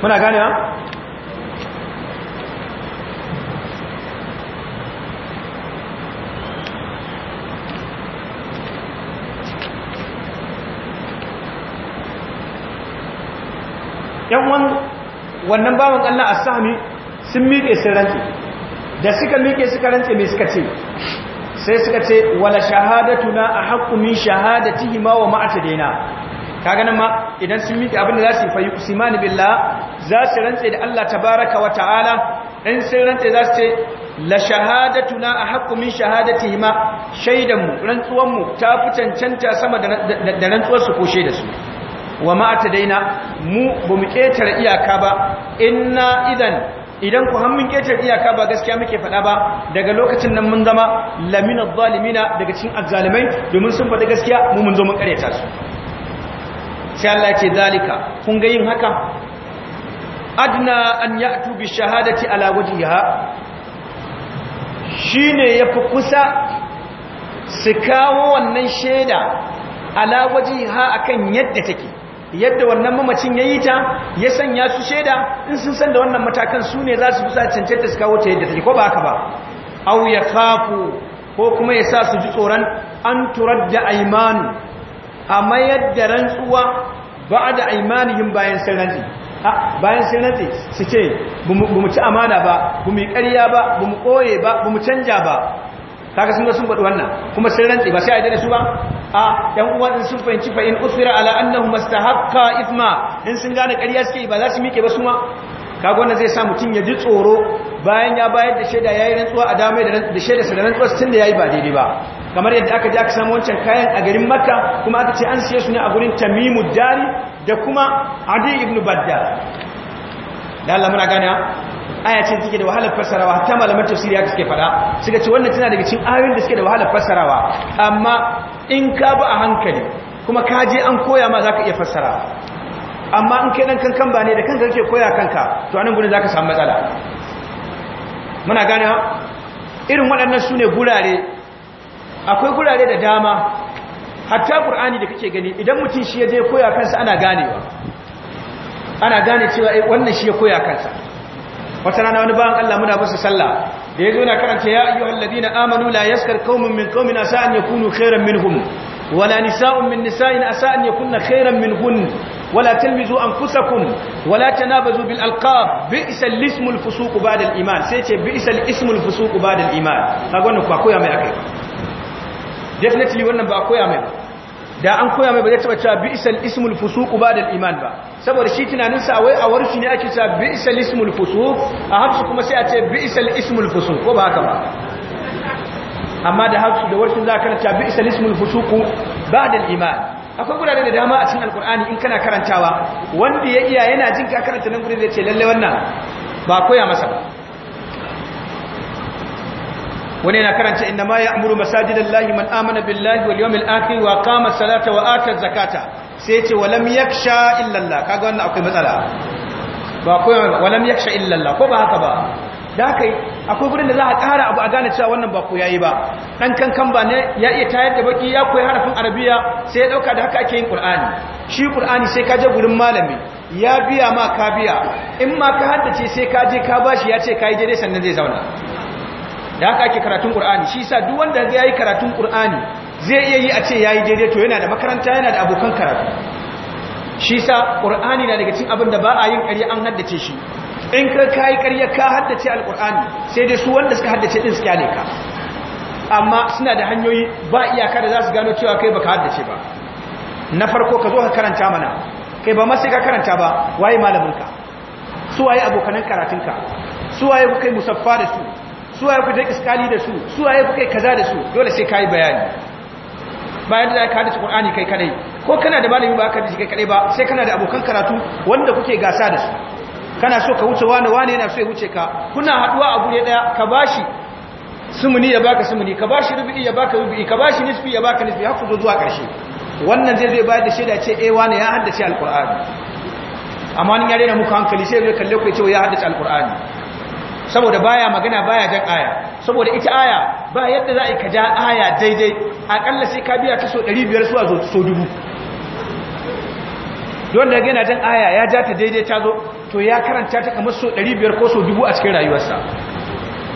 muna gane yan wannan bawan Allah a sahmi sun miƙe sun rantse da suka miƙe suka rantse mai suka ce sai suka ce wala na a min shahadatihi hima wa daina? Ka ganin ma idan sun miƙe abinda za su fayi simani billah za su rantse da Allah baraka wa ta'ala ɗan sun rantse za su ce la shahadatu na a min shahadatihi hima? shaidanmu rantsuwanmu ta fi cancanta sama da rantsuwarsu ko shaidarsu su wa ma'ata daina mu ba mu ƙetare iyaka ba inna idan idan ku hannun ƙetare iyaka ba gaskiya muke faɗa ba daga lokacin nan mun zama lamina zalimina daga cikin azzalimai domin sun faɗi gaskiya mu mun zo mun ƙareta su sai Allah ce zalika kun ga yin haka adna an ya'tu bi shahadati ala wajhiha shine yafi kusa su kawo wannan shaida ala wajiha akan yadda take yadda wannan mamacin ya yi ta ya sanya su shaida in sun san da wannan matakan su ne za su fi sa cancanta su kawo ta yadda take ko ba haka ba au ya kafu ko kuma ya sa su ji tsoron an turar da aimanu a mayar da rantsuwa ba da yin bayan sun rantsi bayan sun rantsi su ce ba mu ci amana ba ba mu yi ƙarya ba ba mu ƙoye ba ba mu canja ba kaga sun ga sun faɗi wannan kuma sun rantsi ba sai a da su ba a 'yan uwan sun fahimci fa in usira ala annahu mastahaqqa ithma in sun gane ƙarya suke ba za su miƙe ba su ma kaga wannan zai sa mutum ya ji tsoro bayan ya bayar da shaida yayi rantsuwa a dame da shaida sa da rantsuwa tun da yayi ba daidai ba kamar yadda aka ji aka samu wancan kayan a garin makka kuma aka ce an siye su ne a gurin tamimu dari da kuma adi ibnu badda da Allah muna gane aya ce take da wahalar fassarawa hatta malaman tafsiri aka suke fada suka ce wannan tana daga cikin ayoyin da suke da wahalar fassarawa amma in ka bi a hankali kuma ka je an koya ma zaka iya fassara amma in kai dan kankan ba ne da kanka kake koya kanka to anan gurin zaka samu matsala muna gane irin waɗannan su ne gurare akwai gurare da dama hatta qur'ani da kake gani idan mutum shi ya je koya kansa ana ganewa ana gane cewa eh wannan shi ya koya kansa wata rana wani bawan Allah muna musu sallah da yazo na karanta ya ayyuhal ladina amanu la yaskar qaumun min qaumin asa an yakunu khairan minhum wala nisa'un min nisa'in asa an yakunna khairan minhun ولا تلمزوا أنفسكم ولا تنابزوا بالألقاب بئس الاسم الفسوق بعد الإيمان سيتي بئس الاسم الفسوق بعد الإيمان أقول لك أقويا من أكيد definitely wannan ba koya mai ba da an koya mai ba zai taba cewa bi'sal ismul fusuq ba da iman ba saboda shi tunanin sa wai a warshi ne ake cewa isal ismul fusuq a hafsu kuma sai a ce isal ismul fusuq ko ba haka ba amma da hafsu da zaka za cewa karanta isal ismul fusuq ba da iman akwai gurare da dama a cikin alkur'ani in kana karantawa wanda ya iya yana jin ka karanta nan gurin zai ce lalle wannan ba koya masa wani yana karanta inda ma masajidan lahi man amana billahi wal yawmil akhir wa qama salata wa ata zakata sai ce walam yaksha illa Allah kaga wannan akwai matsala ba akwai walam yaksha illa Allah ko ba haka ba da kai akwai gurin da za a ƙara abu a gane cewa wannan ba ku yayi ba Ɗan kankan ba ne ya iya tayar da baki ya koyi harafin arabiya sai ya dauka da haka ake yin qur'ani shi qur'ani sai ka je gurin malami ya biya ma ka biya in ma ka haddace sai ka je ka bashi ya ce ka yi dai sannan zai zauna da haka ake karatun ƙurani shi sa duk wanda ya yi karatun ƙur'ani zai iya yi a ce ya yayi daidai to yana da makaranta yana da abokan karatu shi sa qur'ani na daga cin abin da ba a yin ƙarya an haddace shi in ka kai ƙarya ka haddace alkur'ani sai dai su wanda suka haddace din su kyale ka amma suna da hanyoyi ba iyaka da za su gano cewa kai baka haddace ba na farko ka zo ka karanta mana kai ba ma sai ka karanta ba waye malaminka su waye abokanan karatunka su waye kai musaffa da su su waye kuka iskali da su su waye kuka kaza da su dole sai kai bayani bayan da ka hadisi qur'ani kai kadai ko kana da malami ba ka hadisi kai kadai ba sai kana da abokan karatu wanda kuke gasa da su kana so ka wuce wani wani yana so ya wuce ka kuna haduwa a gure daya ka bashi sumuni ya baka sumuni ka bashi rubu'i ya baka rubu'i ka bashi nisfi ya baka nisfi har ku zuwa karshe wannan zai zai bayar da shaida ce eh wani ya haddace alqur'ani amma ni ya rena muku hankali sai ya kalle ku ya ce ya haddace alqur'ani saboda baya magana baya jan aya saboda ita aya ba yadda za a ka ja aya daidai akalla sai ka biya ta so 500 zo so 1000 don da yana jan aya ya ja ta daidai ta zo to ya karanta ta kamar so 500 ko so 1000 a cikin rayuwarsa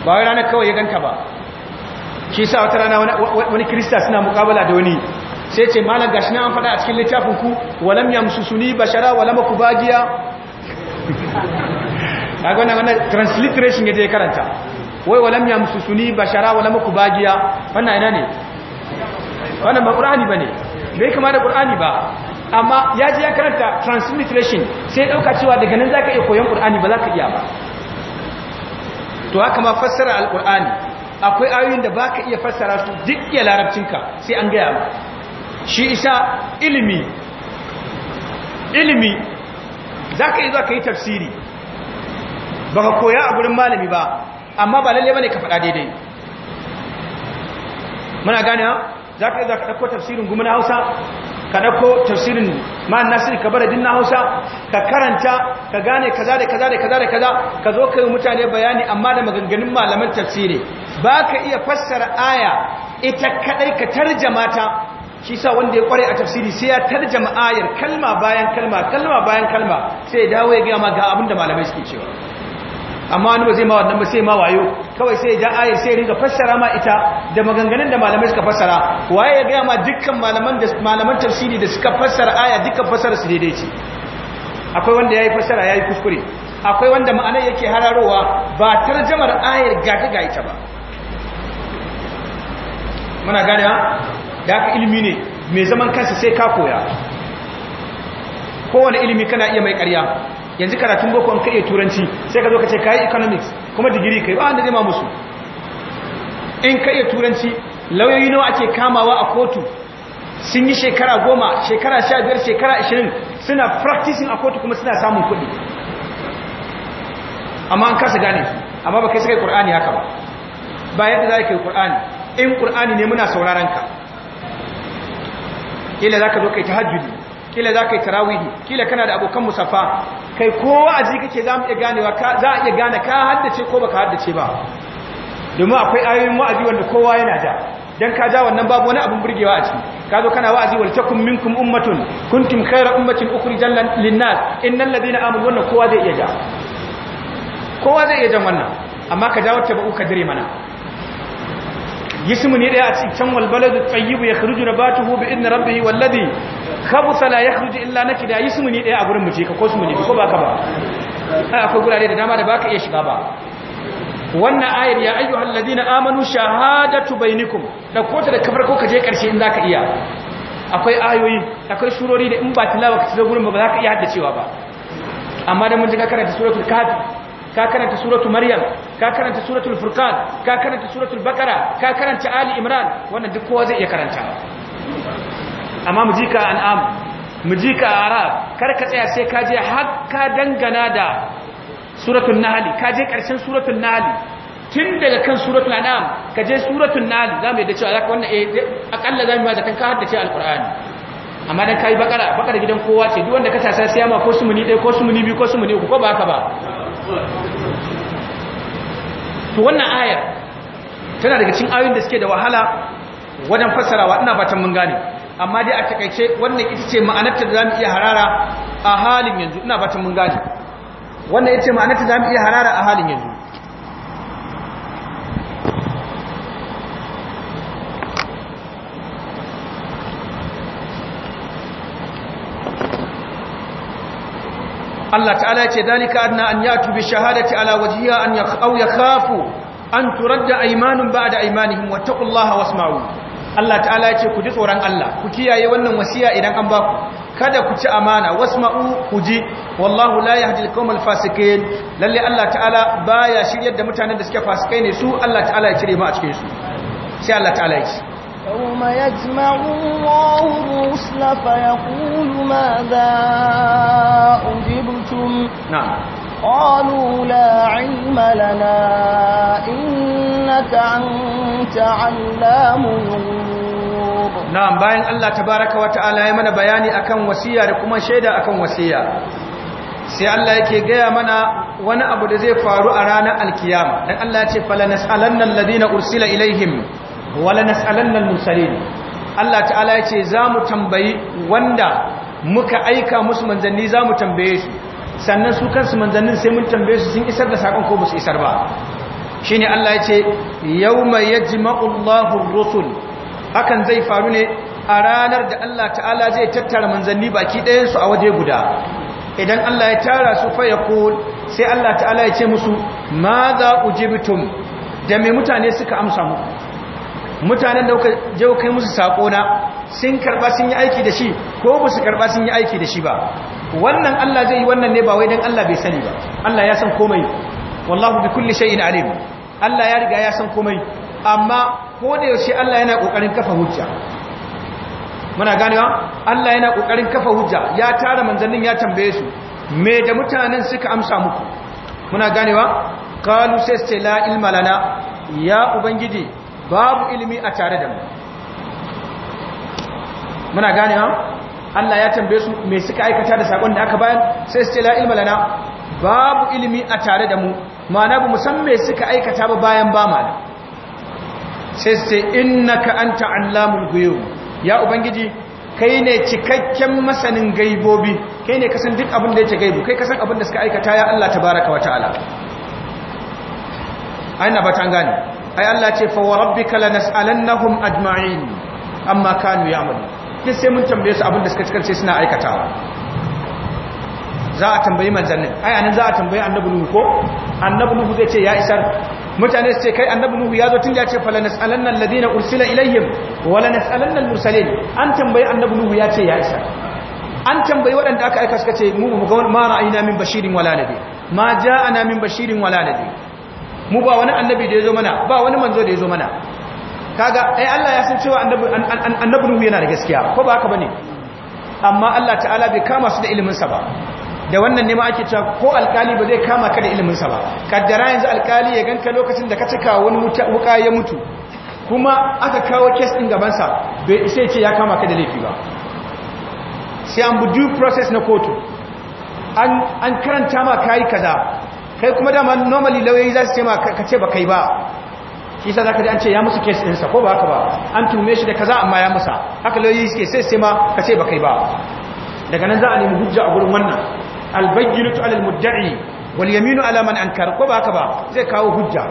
ba wai ranar kawai ya ganta ba shi sa wata rana wani krista suna mukabala da wani sai ce malam gashi na an faɗa a cikin littafin ku walam yamsusuni bashara walam kubagiya kaga wannan wannan transliteration yaje karanta wai walam ya mususuni bashara walam bagiya wannan ina ne wannan ba qur'ani bane bai kama da qur'ani ba amma ya je ya karanta transliteration sai dauka cewa daga nan zaka iya koyon qur'ani ba zaka iya ba to haka ma fassara alqur'ani akwai ayoyin da baka iya fassara su duk ya larabcinka sai an gaya ma shi isa ilimi ilimi zaka iya zaka yi tafsiri baka koya a gurin malami ba amma ba lalle ba ne ka faɗa daidai muna gane za ka za ka ɗauko tafsirin gumi na hausa ka ɗauko tafsirin ma'an nasiri ka bada din na hausa ka karanta ka gane kaza da kaza da kaza da kaza ka zo kai mutane bayani amma da maganganun malaman tafsiri ba ka iya fassara aya ita kaɗai ka tarjama ta shi sa wanda ya kware a tafsiri sai ya tarjama ayar kalma bayan kalma kalma bayan kalma sai ya dawo ya gaya ma ga abin da malamai suke cewa amma wani ba zai ma wannan ba sai ma wayo kawai sai ja ayi sai ringa fassara ma ita da maganganun da malamai suka fassara waye ya gaya ma dukkan malaman da malaman tafsiri da suka fassara aya dukkan fassara su daidai ce akwai wanda yayi fassara yayi kuskure akwai wanda ma'anar yake hararowa ba tarjumar ayar gata ga ita ba muna gane ha da ka ilimi ne mai zaman kansa sai ka koya kowane ilimi kana iya mai ƙarya yanzu karatun boko ka iya turanci sai ka zo ka ce ka yi economics kuma digiri ka yi ba wanda zai ma musu in ka iya turanci lauyoyi nawa ake kamawa a kotu sun yi shekara goma shekara sha biyar shekara ashirin suna practicing a kotu kuma suna samun kuɗi amma an kasa gane amma ba kai suka yi ƙur'ani haka ba ba yadda za ka yi ƙur'ani in ƙur'ani ne muna sauraron ka ila za ka zo kai ta hajjudi kila za ka yi tarawihi kila kana da abokan musafa kai kowa a kake za mu iya ganewa za a iya gane ka haddace ko ba ka haddace ba domin akwai ayoyin wa'azi wanda kowa yana ja dan ka ja wannan babu wani abin burgewa a ciki ka zo kana wa'azi wal takum minkum ummatun kuntum khayra ummatin ukhrijal linnas innal ladina amanu wannan kowa zai iya ja kowa zai iya jan wannan amma ka ja wata ba ku dire mana yismu ne daya a cikin wal baladu tayyibu yakhruju nabatuhu bi idni rabbih walladhi khabutha la yakhruju illa nakida yismu ne daya a gurin mu ce su ko ismu ne ko baka ba ai akwai gurare da dama da baka iya shiga ba wannan ayar ya ayyuhal ladina amanu shahadatu bainakum da kota da kafar ko kaje karshe in zaka iya akwai ayoyi akwai surori da in ba tilawa ka ci gurin ba za ka iya haddacewa ba amma da mun ji ka karanta suratul kahf ka karanta suratu maryam ka karanta suratul furqan ka karanta suratul baqara ka karanta ali imran wannan duk kowa zai iya karanta amma mu ji ka an'am mu ji ka arab kar ka tsaya sai ka je har ka dangana da suratul nahl ka je karshen suratul nahl tun daga kan suratul an'am ka je suratul nahl zamu yadda cewa zaka wannan eh akalla zamu ba zakan ka haddace alqur'ani amma dan kai bakara bakara gidan kowa ce duk wanda ka tasa sai ma ko su muni dai ko su bi biyu ko su uku ko ba haka ba to wannan ayar tana daga cikin ayoyin da suke da wahala wajen fassarawa ina fatan mun gane amma dai a takaice wannan ita ce ma'anarta da zamu iya harara a halin yanzu ina fatan mun gane wannan ita ce ma'anarta da zamu iya harara a halin yanzu Allah ta'ala ce dalika adna an yatu bi shahadati ala wajhiha an yakhaw yakhafu an turadda aymanun ba'da aymanihim wattaqullaha wasma'u Allah ta'ala ce ku ji tsoron Allah ku kiyaye wannan wasiya idan an baku kada ku ci amana wasma'u ku ji wallahu la yahdi al-qawmal fasiqin lalle Allah ta'ala baya shiryar da mutanen da suke fasikai ne su Allah ta'ala ya cire mu a cikin su sai Allah ta'ala ya ce يوم يجمع الله الرسل فيقول ماذا أجبتم نعم قالوا لا علم لنا إنك أنت علام الغيوب نعم باين الله تبارك وتعالى يمن بياني أكم وسيا لكم شيدا أكم وسيا sai Allah yake gaya mana wani abu da zai faru a ranar alkiyama dan Allah ya ce falanas alannan ladina ursila ilaihim wala nas'alanna nan mursalin Allah ta'ala ya ce za mu tambayi wanda muka aika musu manzanni za mu tambaye su sannan su kansu manzannin sai mun tambaye su sun isar da sakon ko musu isar ba shine Allah ya ce yau mai ya jima'ullahun rusul hakan zai faru ne a ranar da Allah ta'ala zai tattara manzanni baki su a waje guda idan Allah ya tara su fa yaqul sai Allah ta'ala ya ce musu ma za da mai mutane suka amsa muku mutanen da je kai musu sako na sun karba sun yi aiki da shi ko ba su karba sun yi aiki da shi ba wannan Allah zai yi wannan ne ba wai dan Allah bai sani ba Allah ya san komai wallahu bi kulli shay'in alim Allah ya riga ya san komai amma ko da yaushe Allah yana kokarin kafa hujja muna ganewa Allah yana kokarin kafa hujja ya tara manzannin ya tambaye su me da mutanen suka amsa muku muna ganewa qalu sai la ilma lana ya ubangiji babu ilimi a tare da mu muna gane ha Allah ya tambaye su me suka aikata da sakon da aka bayar sai su ce la ilma lana babu ilimi a tare da mu ma'ana ba san me suka aikata ba bayan ba ma sai su ce innaka anta allamul ghuyub ya ubangiji kai ne cikakken masanin gaibobi kai ne kasan duk abin da yake gaibu kai kasan abin da suka aikata ya Allah tabaraka wa ta'ala aina ba ta gane ai Allah ce fa warabbika lanas'alannahum ajma'in amma kanu ya'malu duk sai mun tambaye su abin da suka cikar ce suna aikatawa za a tambayi manzannin ai anan za a tambayi annabi nuhu ko annabi nuhu zai ce ya isar mutane su ce kai annabi nuhu ya zo tun ya ce fa lanas'alanna alladhina ursila ilayhim wa lanas'alanna al-mursalin an tambayi annabi nuhu ya ce ya isar an tambayi waɗanda aka aika suka ce mu mu ga ma ra'ayina min bashirin wala nadir ma ja'ana min bashirin wala nadir mu ba wani annabi da ya zo mana ba wani manzo da ya zo mana kaga ai Allah ya san cewa annabi Nuhu yana da gaskiya ko ba haka bane amma Allah ta'ala bai kama su da ilimin sa ba da wannan ne ma ake cewa ko alkali ba zai kama ka da ilimin sa ba kaddara yanzu alkali ya ganka lokacin da ka cika wani wuka ya mutu kuma aka kawo case din gaban sa bai sai ce ya kama ka da laifi ba sai an bu due process na kotu an karanta ma kayi kaza kai kuma dama normally lawyers za su ce ma ka ce ba kai ba shi sa za ji an ce ya musu din sa ko ba haka ba an tume shi da kaza amma ya musa haka lawyers suke sai sai ma ka ce ba kai ba daga nan za a nemi hujja a gurin wannan albayyinu tu alal mudda'i wal yaminu ala man ankar ko ba haka ba zai kawo hujja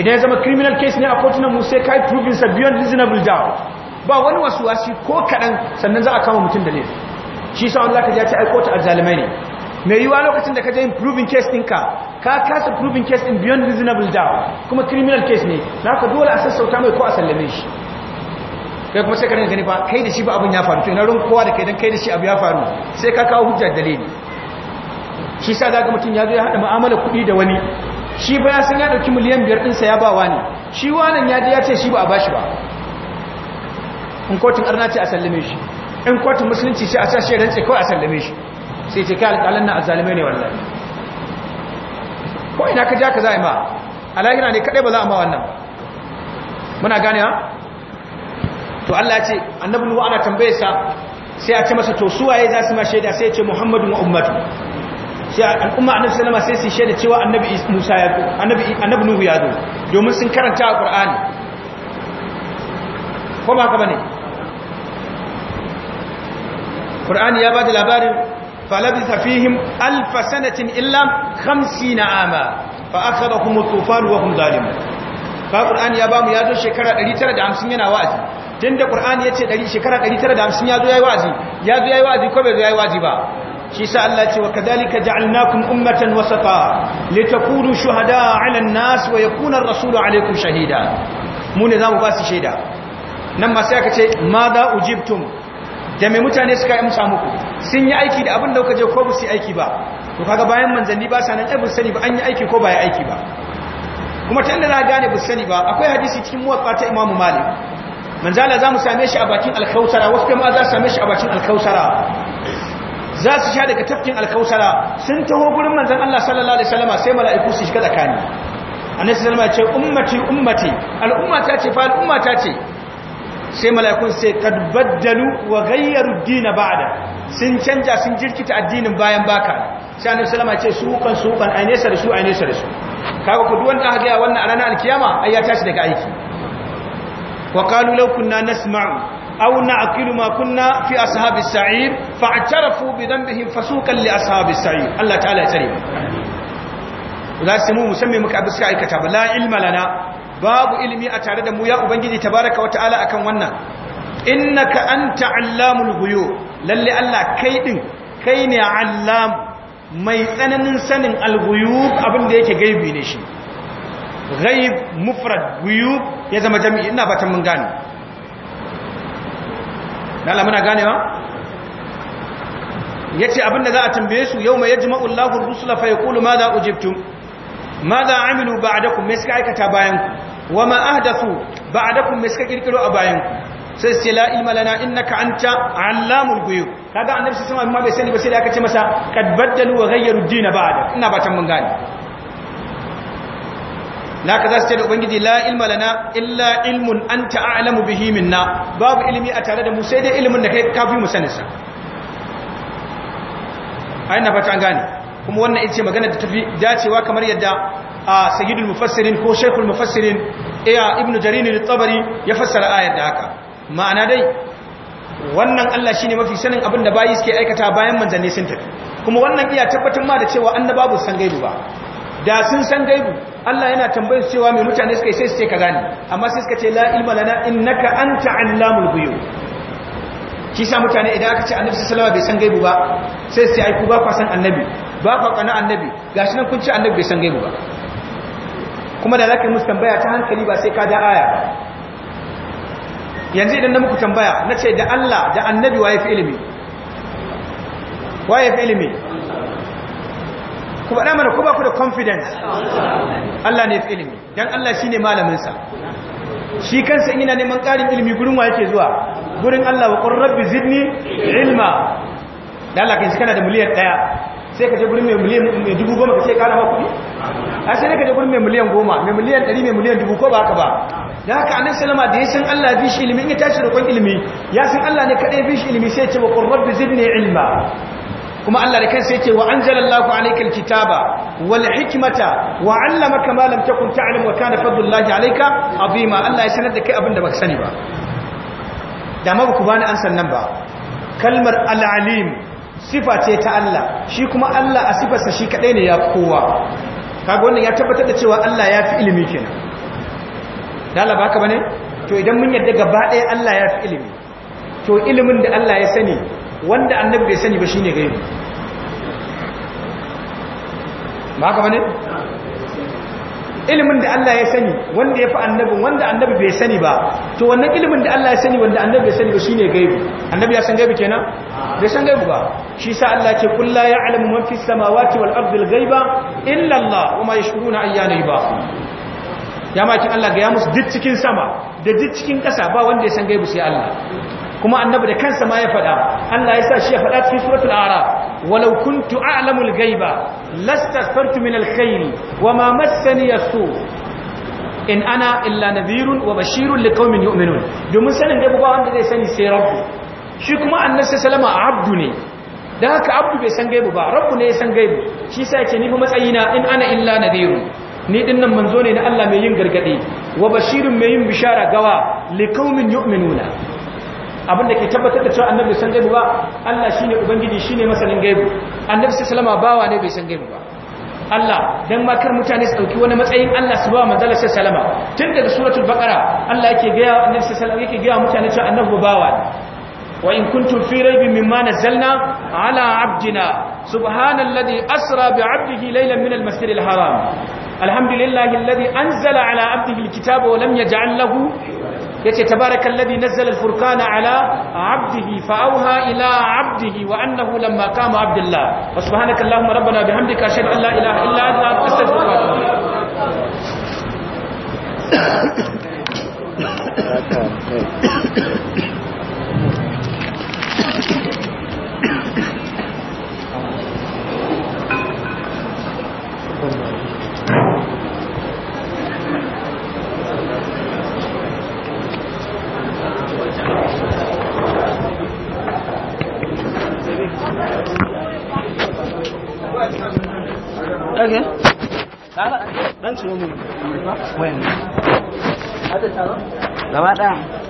idan ya zama criminal case ne a kotunan mu sai kai proving sa beyond reasonable doubt ba wani wasu wasi ko kaɗan sannan za a kama mutum da laifi shi sa Allah ka ji ya ce ai kotu azzalimai ne mai wa lokacin da ka je improving case ɗinka ka kasa proving case in beyond reasonable doubt kuma criminal case ne za ka dole a sassauta mai ko a sallame shi kai kuma sai ka gani ba kai da shi ba abin ya faru to ina ran kowa da kai dan kai da shi abu ya faru sai ka kawo hujjar dalili shi sa za ka mutum ya zo ya haɗa mu'amala kuɗi da wani shi ba ya san ya ɗauki miliyan biyar ɗinsa ya ba wani shi wannan ya ji ya ce shi ba a bashi ba in kotun arna ce a sallame shi in kotun musulunci ce a sa shi rantse kawai a sallame shi sai ce kai alƙalan nan azalimai ne wallahi ko ina ka ja ka za ma alahira ne kadai ba za a ma wannan muna gane ha to Allah ya ce annabi nuhu ana tambaye sa sai a ce masa to su waye za su ma shaida sai ya ce muhammadu wa ummatu sai al'umma annabi sallama sai su shaida cewa annabi musa ya zo annabi annabi nuhu ya zo domin sun karanta alqur'ani ko ba haka bane qur'ani ya ba da labarin falabisa fihim alfa sanatin illa 50 ama fa akhadhahum at-tufan wa hum zalimun fa qur'ani ya bamu yazo shekara yana wa'azi tunda qur'ani yace 100 shekara 950 yazo yayi wa'azi yazo yayi wa'azi ko bai zo yayi wa'azi ba shi sa Allah ce wa kadhalika ja'alnakum ummatan wasata litakunu shuhada'a 'ala an-nas wa yakuna ar-rasulu 'alaykum shahida mu ne zamu ba su shaida nan ba sai aka ce ma ujibtum da mai mutane suka yi musa muku sun yi aiki da abin da kuka ko ba su yi aiki ba to kaga bayan manzanni ba nan ɗabin sani ba an yi aiki ko ba ya aiki ba kuma ta inda na gane ba sani ba akwai hadisi cikin muwatsa ta imamu malik manzala za mu same shi a bakin alkausara wasu kuma za su same shi a bakin alkausara za su sha daga tafkin alkausara sun taho gurin manzan Allah sallallahu alaihi wasallam sai mala'iku su shiga tsakani annabi sallallahu alaihi wasallam ya ce ummati ummati al'ummata ce fa al'ummata ce sai mala'ikun sai kad baddalu wa ghayyaru dina ba'da sun canja sun jirkita addinin bayan baka sai annabi sallama ce su kan su kan aine sa da su aine sa da su kaga ku duwan da ga wannan ranar alkiyama ai ya tashi daga aiki wa qalu law kunna nasma'u aw na'qilu ma kunna fi ashabis sa'ir fa'tarafu bi dhanbihim fasuqan li ashabis sa'ir Allah ta'ala ya tsare mu za su mu musamman muka abu suka aikata ba la ilma lana babu ilimi a tare da mu ya ubangiji tabaraka wata'ala akan wannan innaka anta allamul ghuyub lalle Allah kai din kai ne allam mai tsananin sanin al abin da yake gaibi ne shi ghaib mufrad ghuyub ya zama jami'i ina fatan mun gane Allah muna ganewa yace abin da za a tambaye su yawma yajma'u Allahu ar-rusula fa yaqulu madha ujibtum ماذا عملوا بعدكم مسك ايكتا باينكم وما احدثوا بعدكم مسك كيركرو ا باينكم sai sai la ilma lana innaka anta allamul ghuyub kaga annabi sallallahu alaihi wasallam bai sani ba sai aka ce masa kad baddalu wa ghayyaru a ba'da ina ba mun gane naka zasu ce da ubangiji la ilma lana illa ilmun anta a'lamu bihi minna babu ilimi a tare da mu sai dai ilimin da kai mu gane kuma wannan ita ce magana da tafi dacewa kamar yadda a sayyidul mufassirin ko shaykhul mufassirin iya eh, ibnu jarini al ya fassara ayar da haka ma'ana dai wannan Allah shine mafi sanin abin da bayi suke aikata bayan manzanni sun tafi kuma wannan iya tabbatar ma da cewa annabawa ba san gaibu ba da sun san gaibu Allah yana tambayar cewa mai mutane suka yi sai su ce ka gane amma sai suka ce la ilma lana innaka anta allamul ghuyub shi sa mutane idan aka ce annabi sallallahu alaihi bai san gaibu ba sai su ce ai ba ku san annabi ba ka kana annabi gashi nan kun ci annabi bai san gaibu ba kuma da zaka musu tambaya ta hankali ba sai ka da aya yanzu idan na muku tambaya na ce da Allah da annabi waye fi ilimi waye fi ilimi ku faɗa mana ku ba ku da confidence Allah ne fi ilimi dan Allah shine malamin sa shi kansa ina neman ƙarin ilimi gurin wa yake zuwa gurin Allah wa qur rabbi zidni ilma da Allah kin shi kana da miliyan daya sai ka je gurin mai miliyan dubu goma ka ce kana ma kuɗi a sai ka je gurin mai miliyan goma mai miliyan ɗari mai miliyan dubu ko ba haka ba da haka annan salama da ya san Allah bi shi ilimi in ya tashi da kwan ilimi ya san Allah ne kadai bi shi ilimi sai ce wa qur rabbi zirne ilma kuma Allah da sai ce wa anzalallahu alaykal kitaba wal hikimata wa lama ma ta kun ta'lam wa kana fadlullahi alayka Abima Allah ya sanar da kai abinda ka sani ba da ma ku bani an sannan ba kalmar Al'alim. sifa ce ta Allah shi kuma Allah a sifarsa shi kadai ne ya kowa kaga wannan ya tabbatar da cewa Allah ya fi ilimi kenan dalaba haka bane to idan mun yarda gaba ɗaya Allah ya fi ilimi to ilimin da Allah ya sani wanda annabi bai sani ba shine gaibi ba haka bane ilimin da Allah ya sani wanda ya fi annabi, wanda annabi bai sani ba to wannan ilimin da Allah ya sani wanda annabi bai sani ba shine gaibi annabi ya san gaibi kenan bai san gaibi ba shi sa Allah ce kul ya alamu man fis samawati wal ardi al ghaiba illa Allah wa ma yashuruna ayyana ba ya makin Allah ga ya musu duk cikin sama da duk cikin ƙasa ba wanda ya san gaibi sai Allah kuma annabi da kansa ma ya faɗa Allah ya sa shi ya faɗa cikin suratul a'raf walau kuntu a'lamul ghaiba lastasfartu min alkhairi wa ma massani yasu in ana illa nadhirun wa bashirun liqaumin yu'minun domin sanin da ba wanda zai sani sai rabbu shi kuma annabi sallama abdu ne dan haka abdu bai san gaibu ba rabbu ne ya san gaibu shi yasa yake ni fa matsayina in ana illa nadhirun ni dinnan manzo ne na Allah mai yin gargade wa bashirun mai yin bishara gawa liqaumin yu'minuna abin da ke tabbatar da cewa annabi san gaibu ba Allah shine ubangiji shine masanin gaibu annabi sallama bawa ne bai san gaibu ba Allah dan ma kar mutane su dauki wani matsayin Allah su ba manzala sallama tun daga suratul baqara Allah yake ga annabi sallama yake ga mutane cewa annabi bawa ne wa in kuntum fi raibin mimma nazzalna ala abdina subhanalladhi asra bi abdihi laylan min al haram alhamdulillahi alladhi anzala ala abdihi alkitaba wa lam yaj'al lahu yace tabarakallazi nazzala alfurqana ala abdihi fa awha ila abdihi wa annahu lamma qama abdullah wa subhanaka allahumma rabbana bihamdika ashhadu an la ilaha illa anta astaghfiruka wa atubu ilaik Bueno. ¿La mata?